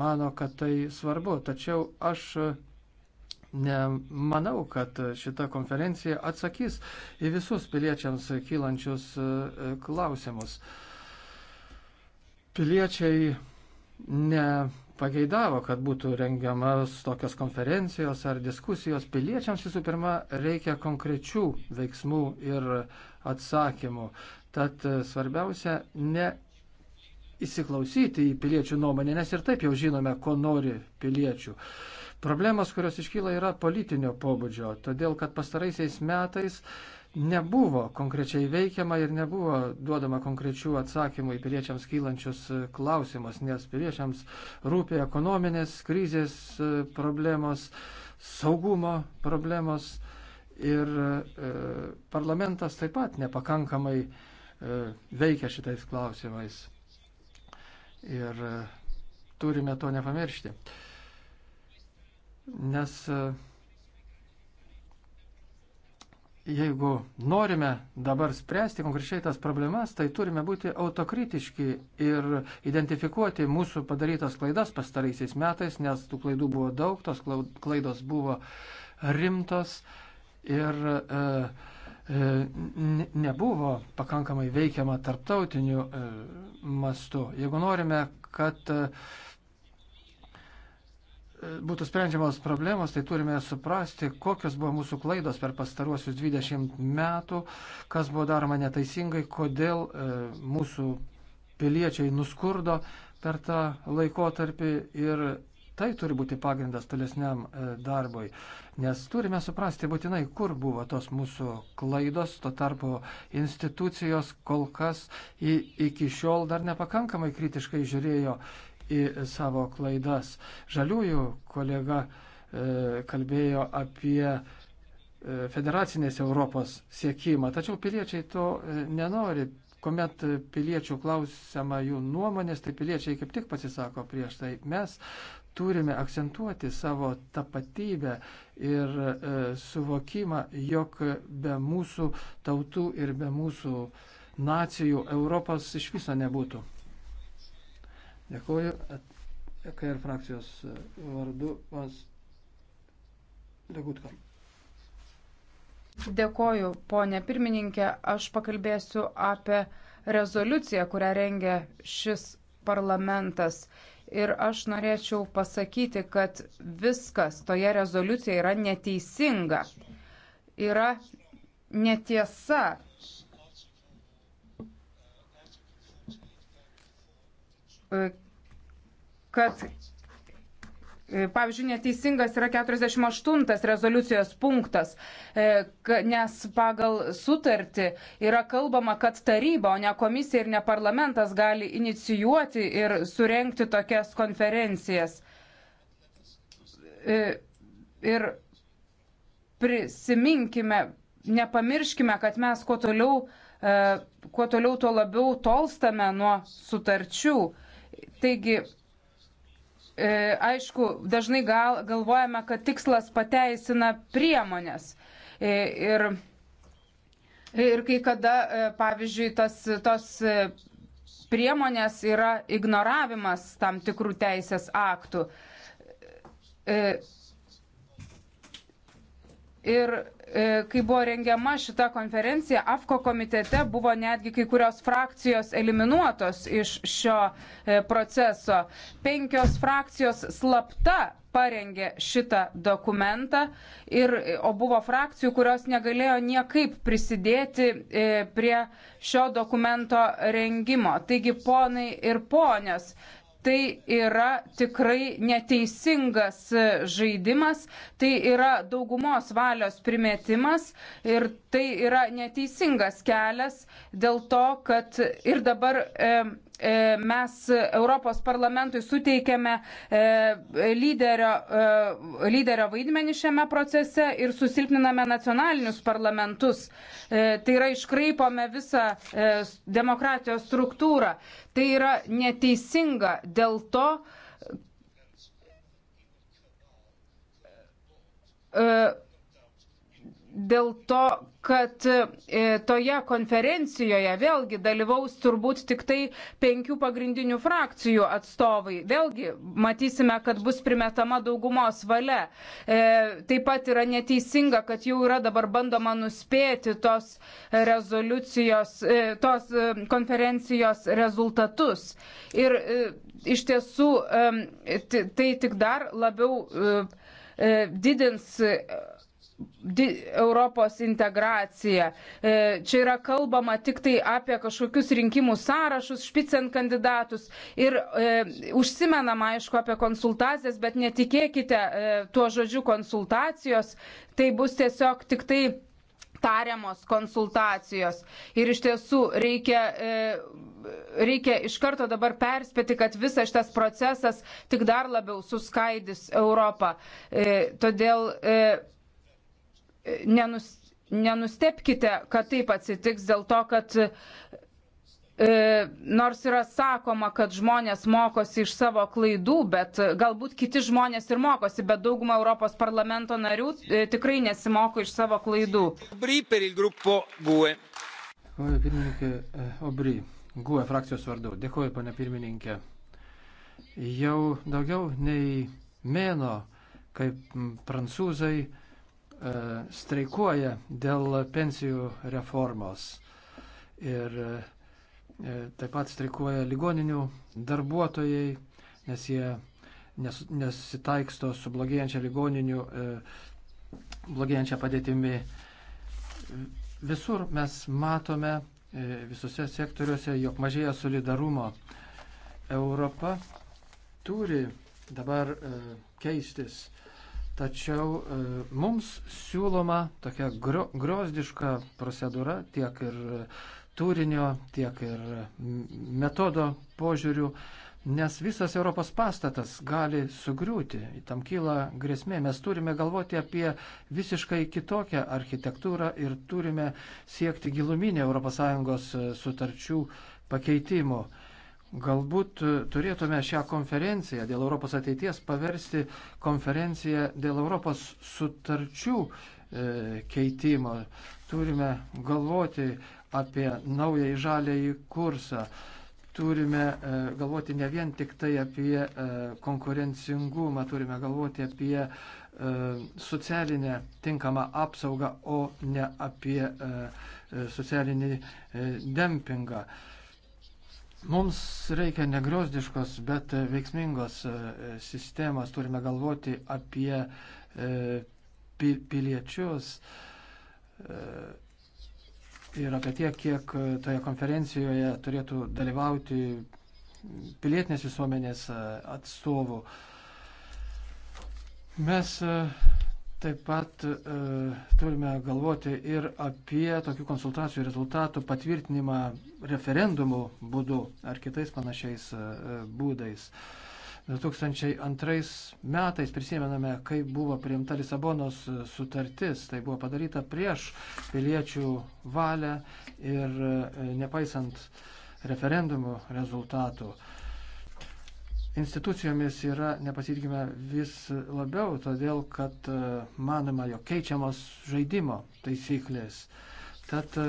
mano, kad tai svarbu, tačiau aš Nemanau, kad šita konferencija atsakys į visus piliečiams kylančius e, e, klausimus. Piliečiai nepageidavo, kad būtų rengiamas tokios konferencijos ar diskusijos. Piliečiams visų pirma reikia konkrečių veiksmų ir atsakymų. Tad e, svarbiausia ne įsiklausyti į piliečių nuomonę, nes ir taip jau žinome, ko nori piliečių. Uh, Problemas, kurios iškyla, yra politinio pobūdžio, todėl kad pastaraisiais metais nebuvo konkrečiai veikiama ir nebuvo duodama konkrečių atsakymų į piliečiams kylančius klausimus, nes piliečiams rūpė ekonominės krizės e, problemos, saugumo problemos ir e, parlamentas taip pat nepakankamai e, veikia šitais klausimais. Ir e, turime to nepamiršti. E, Nes e, jeigu norime dabar spręsti konkrečiai tas problemas, tai turime būti autokritiški ir identifikuoti mūsų padarytas klaidas pastaraisiais metais, nes tų klaidų buvo daug, tos klaidos buvo rimtos ir e, e nebuvo pakankamai veikiama tarptautiniu e, mastu. Jeigu norime, kad būtų sprendžiamos problemos, tai turime suprasti, kokios buvo mūsų klaidos per pastaruosius 20 metų, kas buvo daroma neteisingai, kodėl e, mūsų piliečiai nuskurdo per tą laikotarpį ir tai turi būti pagrindas tolesniam e, darbui. Nes turime suprasti būtinai, kur buvo tos mūsų klaidos, tuo tarpu institucijos kol kas iki šiol dar nepakankamai kritiškai žiūrėjo į savo klaidas. Žaliųjų kolega e, kalbėjo apie e, federacinės Europos siekimą, tačiau piliečiai to e, nenori. Komet piliečių klausama jų nuomonės, tai piliečiai kaip tik pasisako prieš tai. Mes turime akcentuoti savo tapatybę ir e, suvokimą, jog be mūsų tautų ir be mūsų nacijų Europos iš viso nebūtų. Dėkuoju, kai ir frakcijos e, vardu, vas Legutkom. Dėkoju, ponė pirmininkė, aš pakalbėsiu apie rezoliuciją, kurią rengia šis parlamentas. Ir aš norėčiau pasakyti, kad viskas toje rezoliucijoje yra neteisinga. Yra netiesa, kad e, Pavyzdžiui, neteisingas yra 48 rezoliucijos punktas, e, nes pagal sutartį yra kalbama, kad taryba, o ne komisija ir ne parlamentas gali inicijuoti ir surenkti tokias konferencijas. E, ir prisiminkime, nepamirškime, kad mes kuo toliau, kuo toliau, tuo labiau tolstame nuo sutarčių. Taigi, e, aišku, dažnai gal, galvojame, kad tikslas pateisina priemonės. E, ir, ir kai kada, e, pavyzdžiui, tas, tos priemonės yra ignoravimas tam tikrų teisės aktų. Ir e, kai buvo rengiama šita konferencija, AFKO komitete buvo netgi kai kurios frakcijos eliminuotos iš šio e, proceso. Penkios frakcijos slapta parengė šitą dokumentą, ir, o buvo frakcijų, kurios negalėjo niekaip prisidėti e, prie šio dokumento rengimo. Taigi, ponai ir ponios, tai yra tikrai neteisingas žaidimas, tai yra daugumos valios primetimas ir tai yra neteisingas kelias dėl to, kad ir dabar e, E, mes Europos parlamentui suteikėme e, lyderio, e, lyderio vaidmenį šiame procese ir susilpniname nacionalinius parlamentus. Tai yra iškraipome visą demokratijos struktūrą. Tai yra neteisinga dėl to, dėl to, kad e, toje konferencijoje vėlgi dalyvaus turbūt tik tai penkių pagrindinių frakcijų atstovai. Vėlgi matysime, kad bus primetama daugumos valia. E, taip pat yra neteisinga, kad jau yra dabar bandoma nuspėti tos rezoliucijos, e, tos e, konferencijos rezultatus. Ir e, iš tiesų e, tai tik dar labiau e, e didins Europos integracija. E, čia yra kalbama tik tai apie kažkokius rinkimų sąrašus, špicent kandidatus ir e, užsimenama, aišku, apie konsultacijas, bet netikėkite e, tuo žodžiu konsultacijos, tai bus tiesiog tik tai tariamos konsultacijos. Ir iš tiesų reikia. E, reikia iš karto dabar perspėti, kad visas šitas procesas tik dar labiau suskaidys Europą. E, todėl e, nenus, nenustepkite, kad taip atsitiks dėl to, kad e, nors yra sakoma, kad žmonės mokosi iš savo klaidų, bet e, galbūt kiti žmonės ir mokosi, bet dauguma Europos parlamento narių e, tikrai nesimoko iš savo klaidų. Dėkuoju pirmininkė e, Obry, GUE frakcijos vardu. Dėkuoju, pane pirmininkė. Jau daugiau nei mėno, kaip prancūzai E, streikuoja dėl pensijų reformos. Ir e, taip pat streikuoja ligoninių darbuotojai, nes jie nesitaiksto su blogėjančia ligoninių, e, blogėjančia padėtimi. Visur mes matome, visose sektoriuose, jog mažėja solidarumo. Europa turi dabar keistis Tačiau e, mums siūloma tokia gro, grozdiška procedūra tiek ir e, turinio, tiek ir e, metodo požiūrių, nes visas Europos pastatas gali sugriūti, tam kyla grėsmė. Mes turime galvoti apie visiškai kitokią architektūrą ir turime siekti giluminį ES e, sutarčių pakeitimo. Galbūt e, turėtume šią konferenciją dėl Europos ateities paversti konferenciją dėl Europos sutarčių e, keitimo. Turime galvoti apie naująjį žalėjį kursą. Turime e, galvoti ne vien tik tai apie e, konkurencingumą, turime galvoti apie e, socialinę tinkamą apsaugą, o ne apie e, e socialinį e, dempingą. E, Mums reikia negriozdiškos, bet e, veiksmingos e, sistemos. Turime galvoti apie e, piliečius ir apie tiek, kiek toje konferencijoje turėtų dalyvauti pilietinės visuomenės atstovų. Mes Taip pat e, turime galvoti ir apie tokių konsultacijų rezultatų patvirtinimą referendumų būdu ar kitais panašiais e, būdais. 2002 metais prisimename, kai buvo priimta Lisabonos e, sutartis, tai buvo padaryta prieš piliečių valią ir e, nepaisant referendumų rezultatų. E, institucijomis yra nepasitikime vis labiau, todėl kad e, manoma, jog keičiamos žaidimo taisyklės. Tad e,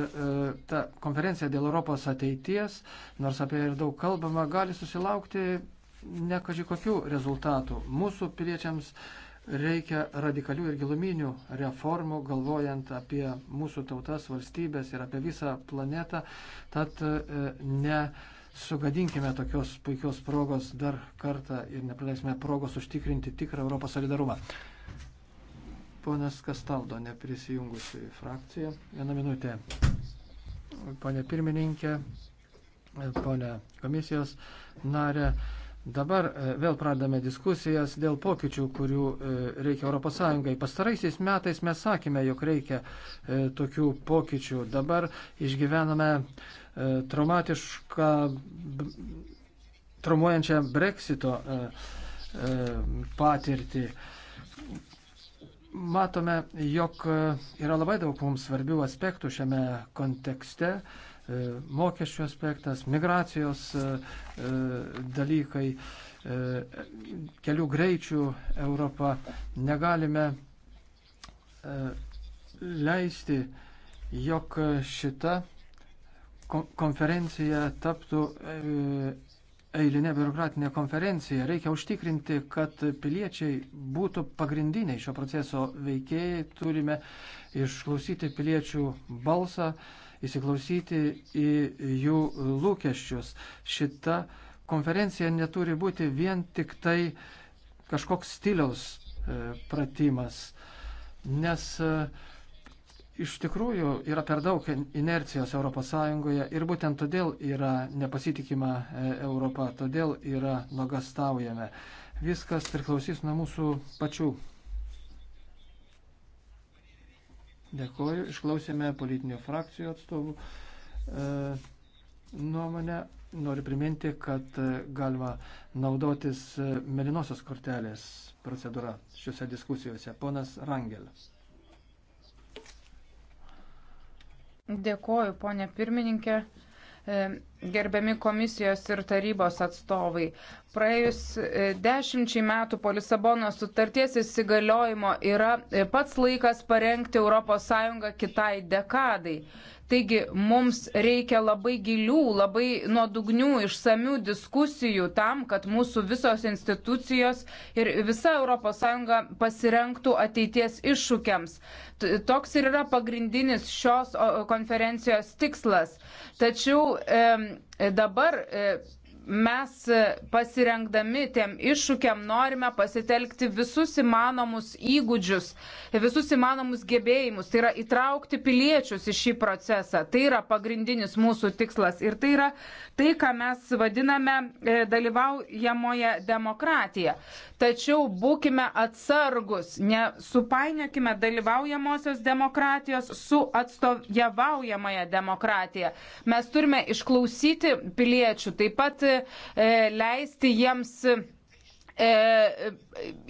ta konferencija dėl Europos ateities, nors apie ją ir daug kalbama, gali susilaukti nekaži kokių rezultatų. Mūsų piliečiams reikia radikalių ir giluminių reformų, galvojant apie mūsų tautas, valstybės ir apie visą planetą. Tad e, ne sugadinkime tokios puikios progos dar kartą ir nepraleisime progos užtikrinti tikrą Europos solidarumą. Ponas Kastaldo, neprisijungusi frakcija. Vieną minutę. Pone pirmininkė, pone komisijos narė. Dabar e, vėl pradame diskusijas dėl pokyčių, kurių e, reikia ES. Pastaraisiais metais mes sakėme, jog reikia e, tokių pokyčių. Dabar išgyvename E, traumatišką, traumuojančią breksito e, e, patirtį. Matome, jog yra labai daug mums svarbių aspektų šiame kontekste - mokesčių aspektas, migracijos dalykai, kelių greičių Europą. Negalime leisti, jog šita konferencija taptų e, eilinė biurokratinė konferencija. Reikia užtikrinti, kad piliečiai būtų pagrindiniai šio proceso veikėjai. Turime išklausyti piliečių balsą, įsiklausyti į jų lūkesčius. Šita konferencija neturi būti vien tik tai kažkoks stiliaus e, pratimas, nes uh, Iš tikrųjų yra per daug inercijos ES ir būtent todėl yra nepasitikima e, Europa, todėl yra nuogastaujame. Viskas priklausys nuo mūsų pačių. Dėkoju, išklausėme politinių frakcijų atstovų e, nuomonę. Noriu priminti, kad e, galima naudotis melinosios kortelės procedūra šiuose diskusijose. Ponas Rangelis. Dėkoju, ponė pirmininkė. E, gerbiami komisijos ir tarybos atstovai, praėjus e, dešimčiai metų po Lisabonos sutarties įsigaliojimo yra e, pats laikas parengti ES kitai dekadai. Taigi mums reikia labai gilių, labai nuodugnių, išsamių diskusijų tam, kad mūsų visos institucijos ir visa ES pasirenktų ateities iššūkiams. Toks ir yra pagrindinis šios konferencijos tikslas. Tačiau e, dabar. E, mes pasirenkdami tiem iššūkiam norime pasitelkti visus įmanomus įgūdžius, visus įmanomus gebėjimus, tai yra įtraukti piliečius į šį procesą. Tai yra pagrindinis mūsų tikslas ir tai yra tai, ką mes vadiname e, dalyvaujamoje demokratija. Tačiau būkime atsargus, nesupainiokime dalyvaujamosios demokratijos su atstovjavaujamoje demokratija. Mes turime išklausyti piliečių, taip pat e, E, leisti jiems e,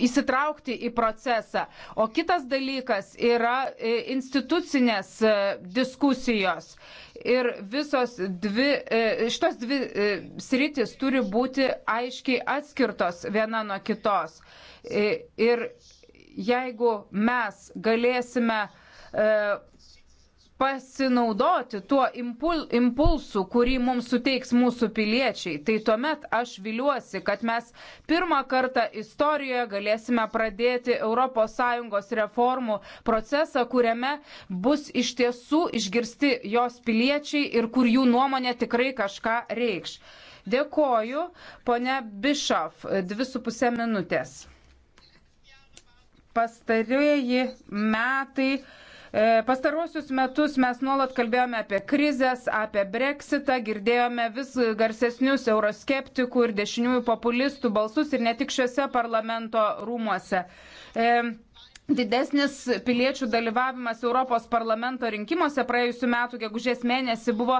įsitraukti į procesą. O kitas dalykas yra e, institucinės e, diskusijos. Ir visos dvi, šitos dvi sritis turi būti aiškiai atskirtos viena nuo kitos. Ir jeigu mes galėsime pasinaudoti tuo impul, impulsu, kurį mums suteiks mūsų piliečiai, tai tuomet aš viliuosi, kad mes pirmą kartą istorijoje galėsime pradėti ES reformų procesą, kuriame bus iš tiesų išgirsti jos piliečiai ir kur jų nuomonė tikrai kažką reikš. Dėkoju, ponia Bišov, dvi su pusė minutės. Pastarieji metai E, Pastaruosius metus mes nuolat kalbėjome apie krizės, apie breksitą, girdėjome vis garsesnius euroskeptikų ir dešiniųjų populistų balsus ir ne tik šiuose parlamento rūmuose. E, Didesnis piliečių dalyvavimas Europos parlamento rinkimuose praėjusiu metu gegužės mėnesį buvo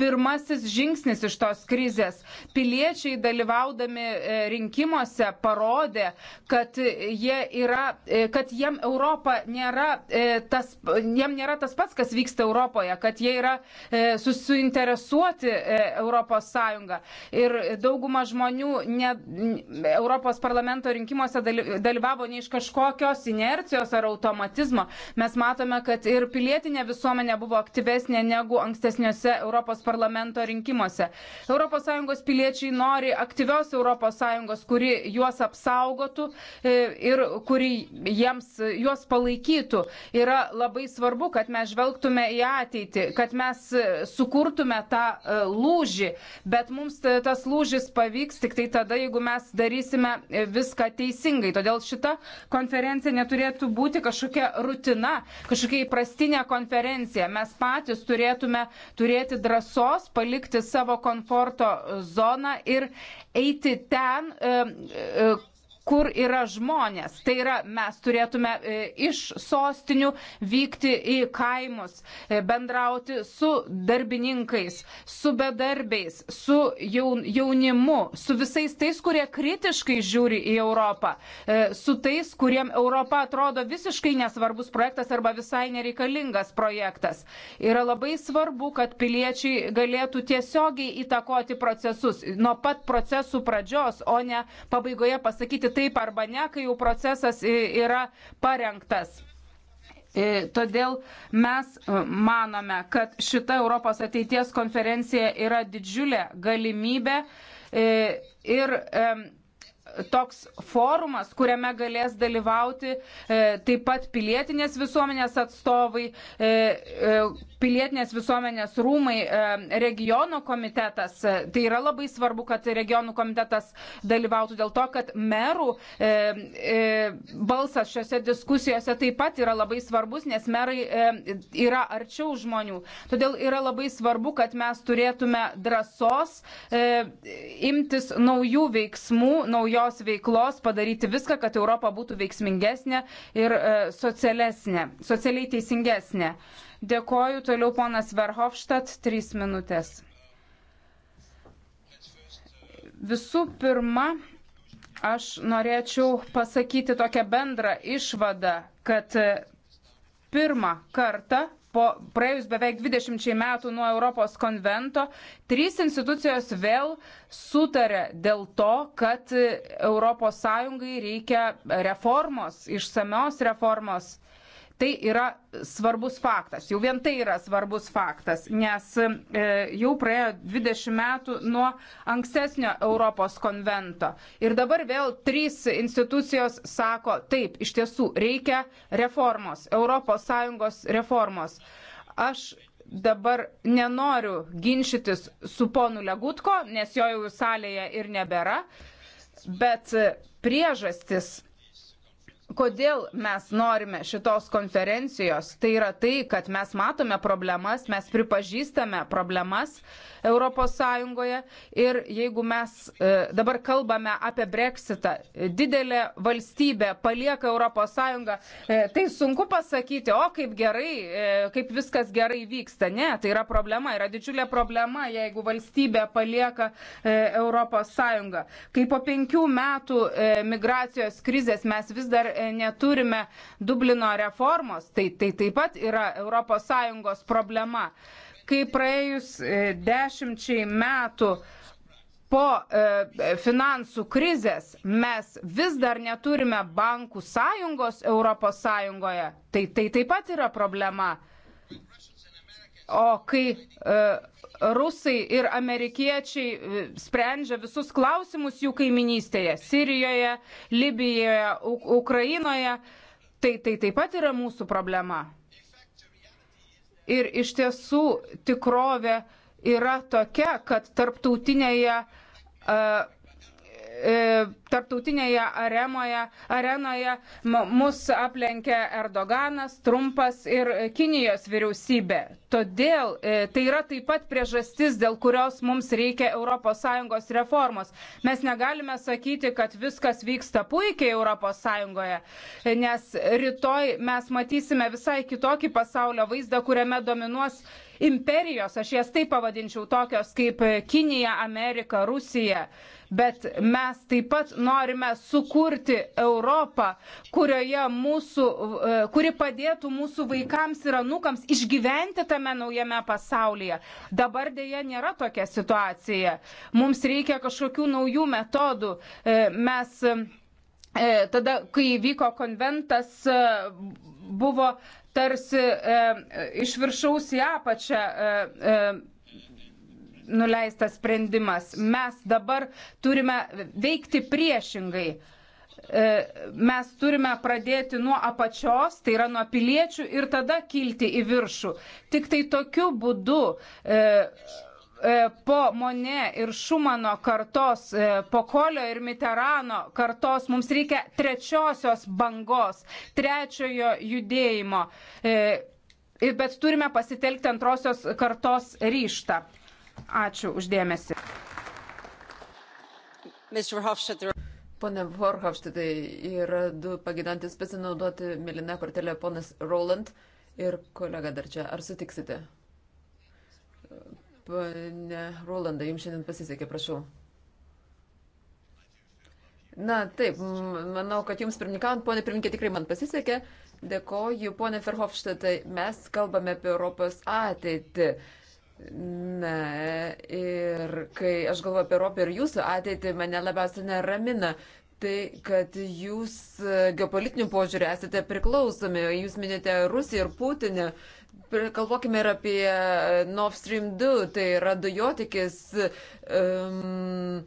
pirmasis žingsnis iš tos krizės. Piliečiai dalyvaudami e, rinkimuose parodė, kad, jie yra, e, kad jiem Europa nėra e, tas, jiem nėra tas pats, kas vyksta Europoje, kad jie yra suinteresuoti Europos Sąjungą. Ir dauguma žmonių ne, Europos parlamento rinkimuose dalyvavo ne iš kažkokios inercijos, korupcijos ar automatizmo. Mes matome, kad ir pilietinė visuomenė buvo aktyvesnė negu ankstesniuose Europos parlamento rinkimuose. ES piliečiai nori aktyvios ES, kuri juos apsaugotų e, ir kuri jiems, juos palaikytų. Yra labai svarbu, kad mes žvelgtume į ateitį, kad mes e, sukurtume tą e, lūžį, bet mums tas lūžis pavyks tik tai tada, jeigu mes darysime viską teisingai. Todėl šita konferencija neturėtų turėtų būti kažkokia rutina, kažkokia įprastinė konferencija. Mes patys turėtume turėti drąsos palikti savo komforto zoną ir eiti ten, e, e, kur yra žmonės. Tai yra, mes turėtume e, iš sostinių vykti į kaimus, e, bendrauti su darbininkais, su bedarbiais, su jaunimu, su visais tais, kurie kritiškai žiūri į Europą, e, su tais, kuriem Europa atrodo visiškai nesvarbus projektas arba visai nereikalingas projektas. Yra labai svarbu, kad piliečiai galėtų tiesiogiai įtakoti procesus nuo pat procesų pradžios, o ne pabaigoje pasakyti, taip arba ne, kai jau procesas yra parengtas. Todėl mes e, manome, kad šita Europos ateities konferencija yra didžiulė galimybė e, ir toks forumas, kuriame galės dalyvauti e, taip pat pilietinės visuomenės atstovai, pilietinės visuomenės rūmai, e, regiono komitetas. E, tai yra labai svarbu, kad regionų komitetas dalyvautų dėl to, kad merų e, e, balsas šiuose diskusijose taip pat yra labai svarbus, nes merai e, yra arčiau žmonių. Todėl yra labai svarbu, kad mes turėtume drąsos e, imtis naujų veiksmų, naujos veiklos, padaryti viską, kad Europa būtų veiksmingesnė ir e, socialesnė, socialiai teisingesnė. Yeah. Dėkoju, toliau ponas Verhofštat, trys minutės. Visų pirma, aš norėčiau pasakyti tokią bendrą išvadą, kad pirmą kartą po praėjus beveik 20 metų nuo Europos konvento, trys institucijos vėl sutarė dėl to, kad ES reikia reformos, išsamios reformos. Tai yra svarbus faktas. Jau vien tai yra svarbus faktas, nes e, jau praėjo 20 metų nuo ankstesnio Europos konvento. Ir dabar vėl trys institucijos sako, taip, iš tiesų reikia reformos, ES reformos. Aš dabar nenoriu ginčytis su ponu Legutko, nes jo jau salėje ir nebėra, bet priežastis Kodėl mes norime šitos konferencijos? Tai yra tai, kad mes matome problemas, mes pripažįstame problemas ES ir jeigu mes e, dabar kalbame apie breksitą, didelė valstybė palieka ES, e, tai sunku pasakyti, o kaip gerai, e, kaip viskas gerai vyksta. Ne, tai yra problema, yra didžiulė problema, jeigu valstybė palieka ES. Kai po penkių metų migracijos krizės mes vis dar neturime Dublino reformos, tai, tai taip pat yra ES problema. Kai praėjus e, dešimčiai metų po e, finansų krizės mes vis dar neturime bankų sąjungos Europos Sąjungoje, tai tai taip pat yra problema. O kai e, rusai ir amerikiečiai e, sprendžia visus klausimus jų kaiminystėje - Sirijoje, Libijoje, Uk Ukrainoje. Tai, tai taip pat yra mūsų problema. Ir iš tiesų tikrovė yra tokia, kad tarptautinėje uh, E, tarptautinėje aremoje, arenoje mus aplenkė Erdoganas, Trumpas ir Kinijos vyriausybė. Todėl e, tai yra taip pat priežastis, dėl kurios mums reikia ES reformos. Mes negalime sakyti, kad viskas vyksta puikiai ES, nes rytoj mes matysime visai kitokį pasaulio vaizdą, kuriame dominuos imperijos, aš jas taip pavadinčiau, tokios kaip Kinija, Amerika, Rusija bet mes taip pat norime sukurti Europą, mūsų, e, kuri padėtų mūsų vaikams ir anūkams išgyventi tame naujame pasaulyje. Dabar dėja nėra tokia situacija. Mums reikia kažkokių naujų metodų. E, mes e, tada, kai vyko konventas, buvo tarsi iš viršaus į apačią nuleistas sprendimas. Mes dabar turime veikti priešingai e, mes turime pradėti nuo apačios, tai yra nuo piliečių ir tada kilti į viršų. Tik tai tokiu būdu e, e, po Mone ir Šumano kartos, e, po Kolio ir Miterano kartos mums reikia trečiosios bangos, trečiojo judėjimo. E, bet turime pasitelkti antrosios kartos ryštą. Ačiū uždėmesi. Pone Vorhofštitai, yra du pagidantis pasinaudoti Milina kortelė ponas Roland ir kolega dar čia. Ar sutiksite? Pane Rolandai, jums šiandien pasisekė, prašau. Na, taip, manau, kad jums pirmininkant, ponė pirmininkė, tikrai man pasisekė. Dėkoju, ponė Ferhofštatai, mes kalbame apie Europos ateitį. Na ir kai aš galvoju apie Europą ir jūsų ateitį, mane labiausiai neramina tai, kad jūs e, geopolitinių požiūrį esate priklausomi. Jūs minėte Rusiją ir Putinį. Kalbokime ir apie e, Nord Stream 2, tai yra dujotikis. Um,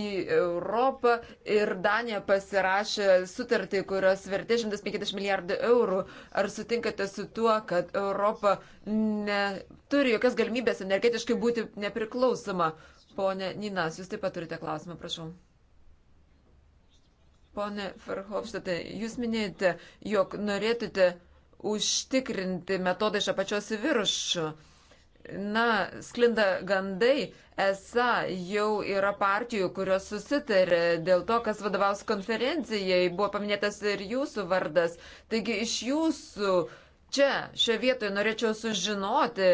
į Europą ir Danija pasirašė sutartį, kurios vertė 150 milijardų eurų. Ar sutinkate su tuo, kad Europa neturi jokios galimybės energetiškai būti nepriklausoma? Pone Ninas, jūs taip pat turite klausimą, prašau. Pone Ferhofštate, jūs minėjote, jog norėtumėte užtikrinti metodą iš apačios į viršų na, sklinda gandai, esą jau yra partijų, kurios susitarė dėl to, kas vadovaus konferencijai, buvo paminėtas ir jūsų vardas. Taigi iš jūsų čia, šioje vietoje norėčiau sužinoti,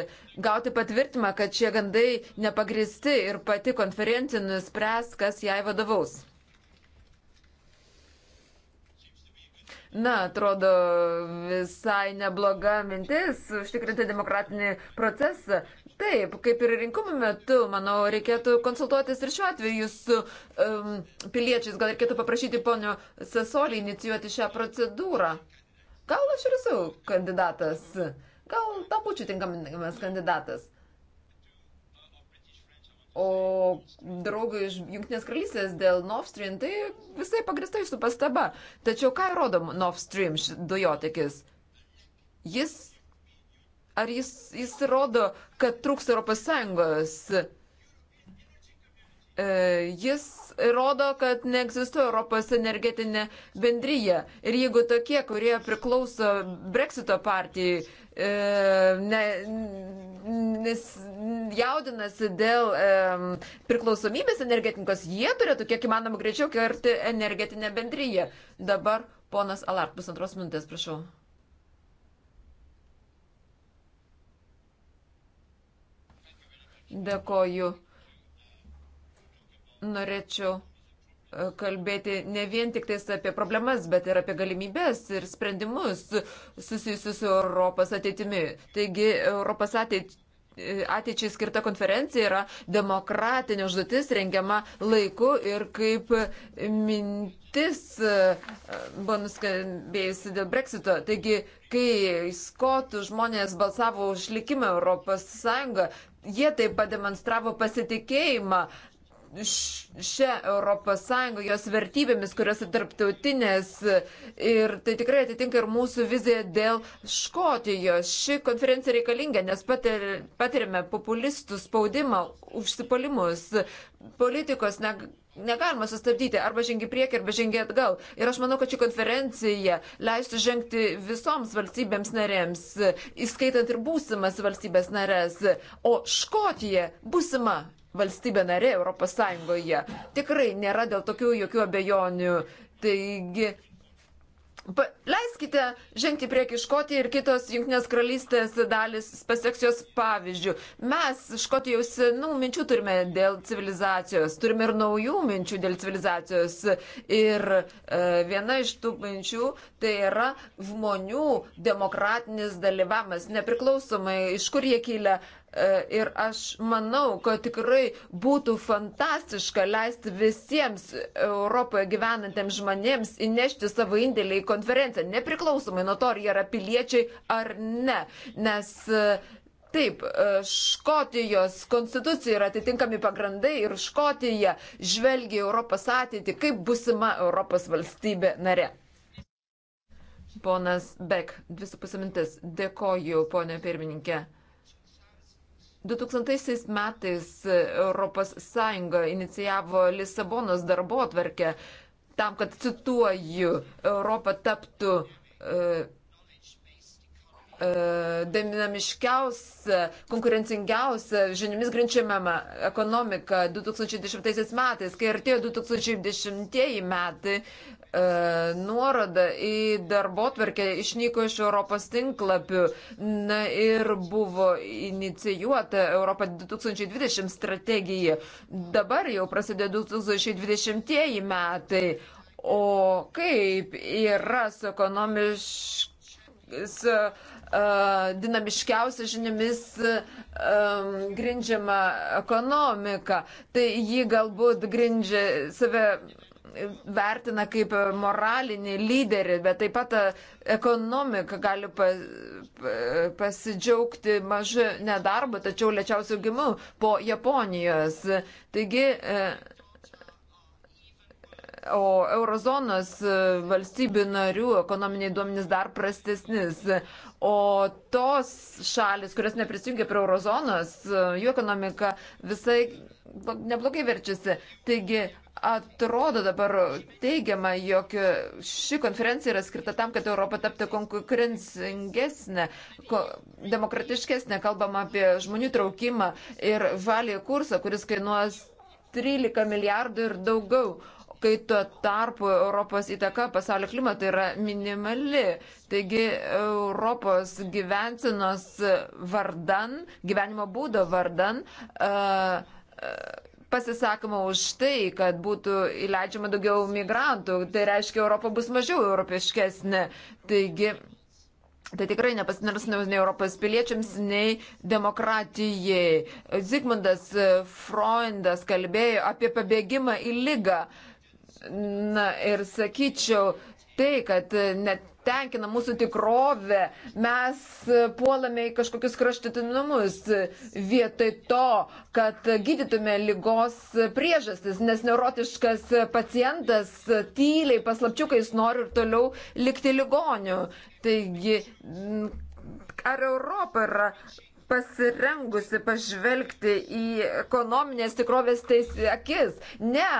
gauti patvirtimą, kad šie gandai nepagristi ir pati konferencija nuspręs, kas jai vadovaus. Na, atrodo visai nebloga mintis užtikrinti demokratinį procesą. Taip, kaip ir rinkimų metu, manau, reikėtų konsultuotis ir šiuo atveju su um, piliečiais. Gal reikėtų paprašyti ponio Sasolį inicijuoti šią procedūrą. Gal aš ir esu kandidatas. Gal tam būčiau tinkamas kandidatas. O draugai iš Junktinės karalystės dėl Nord Stream, tai visai pagristai su pastaba. Tačiau ką rodo Nord Stream dujotekis? Jis, ar jis, jis rodo, kad trūks ES? E, jis rodo, kad neegzistuoja Europos energetinė bendryje. Ir jeigu tokie, kurie priklauso Brexito partijai, E, ne, nes jaudinasi dėl e, priklausomybės energetinkos, jie turėtų kiek įmanoma greičiau kerti energetinę bendryją. Dabar ponas Alart, pusantros minutės, prašau. Dėkoju. Norėčiau kalbėti ne vien tik tais apie problemas, bet ir apie galimybės ir sprendimus susijusius su Europos ateitimi. Taigi Europos ateit, ateičiai skirta konferencija yra demokratinė užduotis rengiama laiku ir kaip mintis e, buvo nuskambėjusi dėl breksito. Taigi, kai skotų žmonės balsavo už likimą Europos Sąjungą, jie taip pademonstravo pasitikėjimą šią Europos Sąjungą, jos vertybėmis, kurios tarptautinės. Ir tai tikrai atitinka ir mūsų viziją dėl Škotijos. Ši konferencija reikalinga, nes patiriame populistų spaudimą, užsipolimus. Politikos ne, negalima sustabdyti, arba žengi priekį, arba žengi atgal. Ir aš manau, kad ši konferencija leistų žengti visoms valstybėms narėms, įskaitant ir būsimas valstybės narės. O Škotija, būsima valstybė narė Europos Sąjungoje. Tikrai nėra dėl tokių jokių abejonių. Taigi, pa, leiskite žengti prieki Škotiją ir kitos Junktinės karalystės dalis paseks jos pavyzdžių. Mes Škotijoje jau senų minčių turime dėl civilizacijos, turime ir naujų minčių dėl civilizacijos. Ir e, viena iš tų minčių tai yra žmonių demokratinis dalyvavimas, nepriklausomai iš kur jie kyla, E, ir aš manau, kad tikrai būtų fantastiška leisti visiems Europoje gyvenantiems žmonėms įnešti savo indėlį į konferenciją, nepriklausomai nuo to, ar jie yra piliečiai ar ne. Nes e, Taip, e, Škotijos konstitucija yra atitinkami pagrindai ir Škotija žvelgia Europos ateitį kaip busima Europos valstybė nare. Ponas Bek, dvi su pusė mintis. Dėkoju, ponė pirmininkė. 2000 metais ES inicijavo Lisabonos darbo atverkę tam, kad, cituoju, Europa taptų e, e dinamiškiausia, konkurencingiausia žiniomis grinčiamama ekonomika 2010 metais, kai artėjo 2010 metai, E, nuoroda į darbo tvarkę išnyko iš Europos tinklapių na, ir buvo inicijuota Europa 2020 strategija. Dabar jau prasidėjo 2020 metai. O kaip yra su ekonomiškis e, dinamiškiausia žiniomis um, grindžiama ekonomika, tai jį galbūt grindžia save vertina kaip moralinį lyderį, bet taip pat e, ekonomika gali pasidžiaugti mažu nedarbu, tačiau lėčiausiu augimu po Japonijos. Taigi, e, o eurozonos e, valstybių narių ekonominiai duomenys dar prastesnis. O tos šalis, kurios neprisijungia prie eurozonos, e, jų ekonomika visai neblogai verčiasi. Taigi atrodo dabar teigiama, jog ši konferencija yra skirta tam, kad Europa taptų konkurencingesnė, demokratiškesnė, kalbama apie žmonių traukimą ir žalį kursą, kuris kainuos 13 milijardų ir daugiau kai tuo tarpu Europos įtaka pasaulio klimatui yra minimali. Taigi Europos gyvensinos vardan, gyvenimo būdo vardan, pasisakoma už tai, kad būtų įleidžiama daugiau migrantų. Tai reiškia, Europa bus mažiau europiškesnė. Taigi, Tai tikrai nepasinars nei Europos piliečiams, nei demokratijai. Zygmundas Freundas kalbėjo apie pabėgimą į lygą. Uh, Na ir sakyčiau, tai, kad net tenkina mūsų tikrovę, mes puolame į kažkokius kraštutinumus vietoj to, kad gydytume lygos priežastis, nes neurotiškas pacientas tyliai paslapčiukais nori ir toliau likti ligoniu. Taigi, ar Europa yra pasirengusi pažvelgti į ekonominės tikrovės teisį akis. Ne,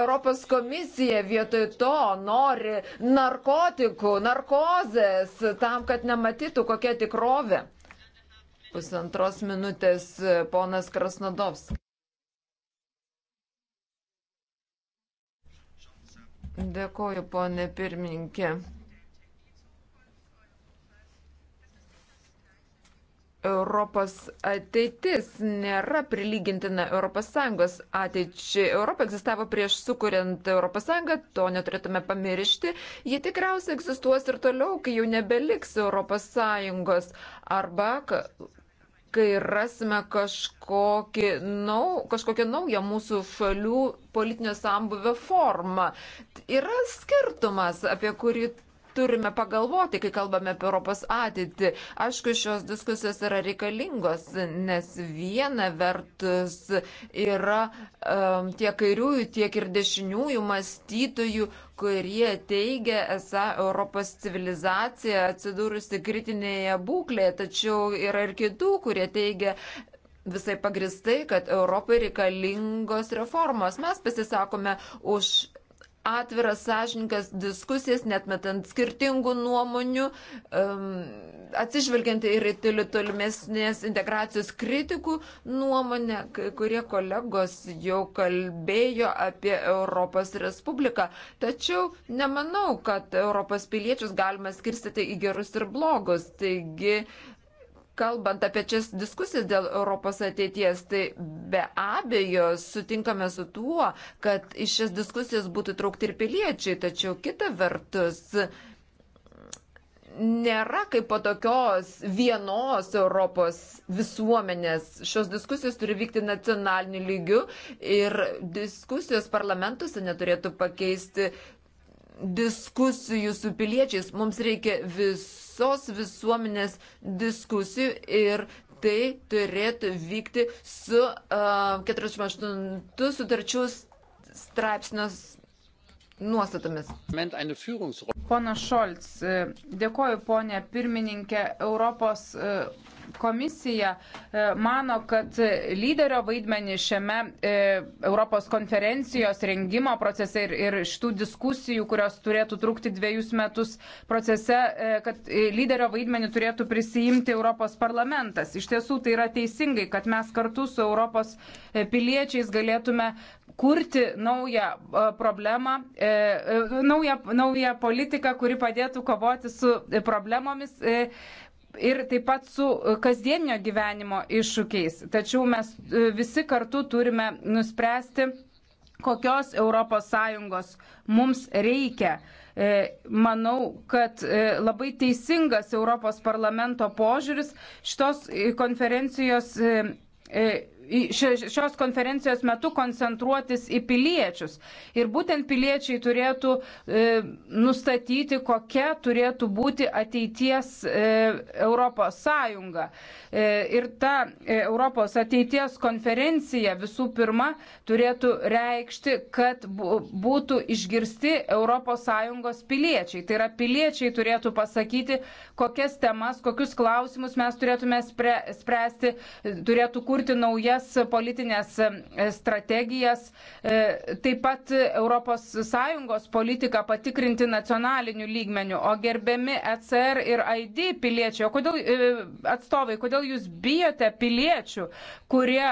Europos komisija vietoj to nori narkotikų, narkozės, tam, kad nematytų kokia tikrovė. Pusantros minutės ponas Krasnodovs. Dėkoju, ponė pirmininkė. Europos ateitis nėra prilygintina ES ateičiai. Europa egzistavo prieš sukuriant ES, to neturėtume pamiršti. Ji tikriausiai egzistuos ir toliau, kai jau nebeliks ES arba kai rasime kažkokį, nau, kažkokią naują mūsų šalių politinio sambuvio formą. Yra skirtumas, apie kurį turime pagalvoti, kai kalbame apie Europos ateitį. Aišku, šios diskusijos yra reikalingos, nes viena vertus yra um, tiek kairiųjų, tiek ir dešiniųjų mąstytojų, kurie teigia, esą Europos civilizacija atsidūrusi kritinėje būklėje, tačiau yra ir kitų, kurie teigia, visai pagristai, kad Europai reikalingos reformos. Mes pasisakome už atviras, sąžininkas diskusijas, netmetant skirtingų nuomonių, um, atsižvelgiant ir į tolimesnės integracijos kritikų nuomonę, kurie kolegos jau kalbėjo apie Europos Respubliką. Tačiau nemanau, kad Europos piliečius galima skirstyti į gerus ir blogus. Taigi, uh, kalbant apie šias diskusijas dėl Europos ateities, tai be abejo sutinkame su tuo, kad iš šias diskusijas būtų traukti ir piliečiai, tačiau kita vertus nėra kaip po tokios vienos Europos visuomenės. Šios diskusijos turi vykti nacionaliniu lygiu ir diskusijos parlamentuose neturėtų pakeisti diskusijų su piliečiais. Mums reikia visų visos visuomenės diskusijų ir tai turėtų vykti su uh, 48 sutarčių straipsnios nuostatomis. Pona Šolts, dėkoju ponė pirmininkė Europos. Uh, komisija e, mano, kad lyderio vaidmenį šiame e, Europos konferencijos rengimo procese ir, ir šitų diskusijų, kurios turėtų trukti dviejus metus procese, e, kad lyderio vaidmenį turėtų prisijimti Europos parlamentas. Iš tiesų tai yra teisingai, kad mes kartu su Europos piliečiais galėtume kurti naują problemą, naują, naują politiką, kuri padėtų kovoti su problemomis ir taip pat su e, kasdienio gyvenimo iššūkiais. Tačiau mes e, visi kartu turime nuspręsti, kokios ES mums reikia. E, manau, kad labai teisingas Europos parlamento požiūris šitos konferencijos šios konferencijos metu koncentruotis į piliečius. Ir būtent piliečiai turėtų e, nustatyti, kokia turėtų būti ateities e, Europos Sąjunga. E, ir ta e, Europos ateities konferencija visų pirma turėtų reikšti, kad būtų išgirsti Europos Sąjungos piliečiai. Tai yra piliečiai turėtų pasakyti, kokias temas, kokius klausimus mes turėtume spre, spręsti, turėtų kurti naujas kitas politinės e, strategijas, e, taip pat ES politiką patikrinti nacionaliniu lygmeniu. O gerbiami ECR ir ID piliečiai, kodėl, e, atstovai, kodėl jūs bijote piliečių, kurie,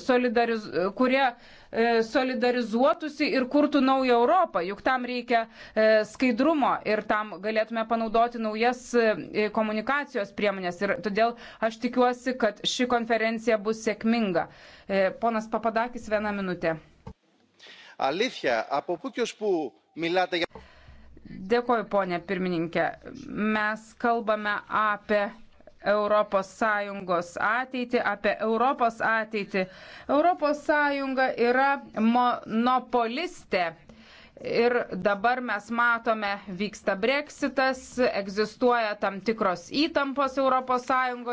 solidariz, kurie E, solidarizuotųsi ir kurtų naują Europą. Juk tam reikia e, skaidrumo ir tam galėtume panaudoti naujas e, komunikacijos priemonės. Ir todėl aš tikiuosi, kad ši konferencija bus sėkminga. Ponas Papadakis, vieną minutę. Αλήθεια, από πού και ως πού μιλάτε για... Dėkoju, ponė pirmininkė. Mes kalbame apie ES ateitį, apie Europos ateitį. ES yra monopolistė Ir dabar mes matome, vyksta breksitas, egzistuoja tam tikros įtampos ES,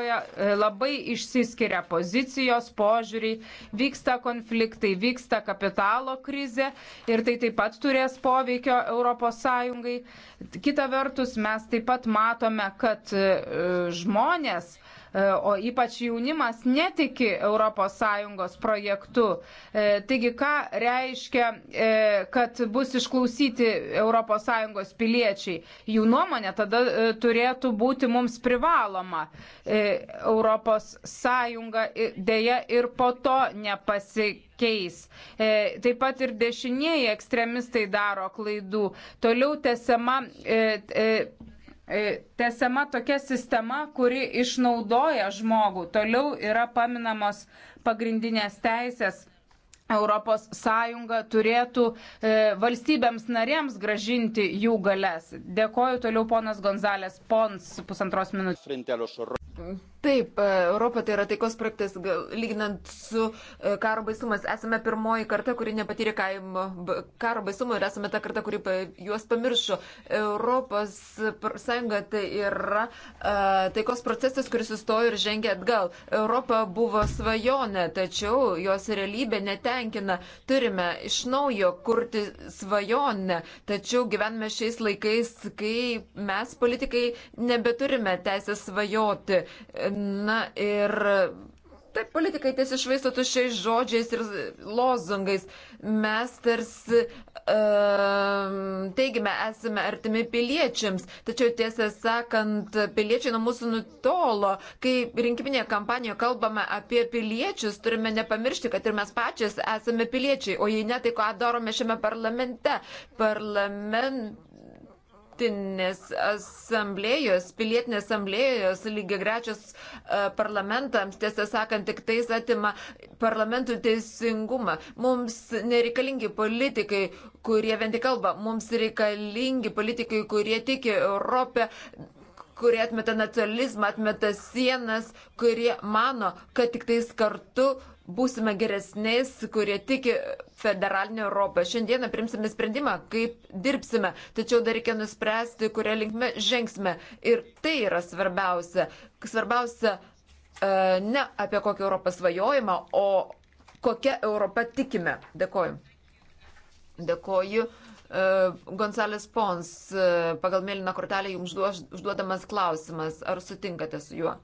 e, labai išsiskiria pozicijos, požiūriai, vyksta konfliktai, vyksta kapitalo krizė ir tai taip pat turės poveikio ES. Kita vertus, mes taip pat matome, kad e, žmonės, E, o ypač jaunimas netiki ES projektu. E, taigi, ką reiškia, e, kad bus išklausyti ES piliečiai? Jų nuomonė tada turėtų būti mums privaloma. ES dėja ir po to nepasikeitė keis. E, taip pat ir dešinieji ekstremistai daro klaidų. Toliau tesama e, e, E, tesama tokia sistema, kuri išnaudoja žmogų. Toliau yra paminamos pagrindinės teisės. Europos Sąjunga turėtų e, valstybėms narėms gražinti jų galės. Dėkoju toliau ponas Gonzalės Pons pusantros minutės. Taip, e, Europa tai yra taikos projektas, lyginant su e, karo baisumas. Esame pirmoji karta, kuri nepatyrė kaimo, karo baisumo ir esame ta karta, kuri juos pamiršo. Europos sąjunga tai yra e, taikos procesas, kuris sustojo ir žengė atgal. Europa buvo svajonė, tačiau jos realybė netenkina. Turime iš naujo kurti svajonę, tačiau gyvename šiais laikais, kai mes politikai nebeturime teisės svajoti. Na ir taip politikai tiesiog švaisto tuščiais žodžiais ir lozungais. Mes tarsi um, ehm, teigime, esame artimi piliečiams, tačiau tiesą sakant, piliečiai nuo mūsų nutolo. Kai rinkiminėje kampanijoje kalbame apie piliečius, turime nepamiršti, kad ir mes pačios esame piliečiai, o jei ne, tai ką darome šiame parlamente. Parlament tautinės asamblėjos, pilietinės asamblėjos lygiai grečios e, parlamentams, tiesą sakant, tik tais atima parlamentų teisingumą. Mums nereikalingi politikai, kurie vien tik kalba, mums reikalingi politikai, kurie tiki Europę kurie atmeta nacionalizmą, atmeta sienas, kurie mano, kad tik tais kartu uh, būsime geresniais, kurie tiki federalinę Europą. Šiandieną primsime sprendimą, kaip dirbsime, tačiau dar reikia nuspręsti, kurią linkme žengsime. Ir tai yra svarbiausia. Svarbiausia e, ne apie kokią Europą svajojimą, o kokią Europą tikime. Dėkoju. Dėkoju. E, Gonzales Pons, e, pagal mėlyną kortelę jums užduodamas klausimas, ar sutinkate su juo?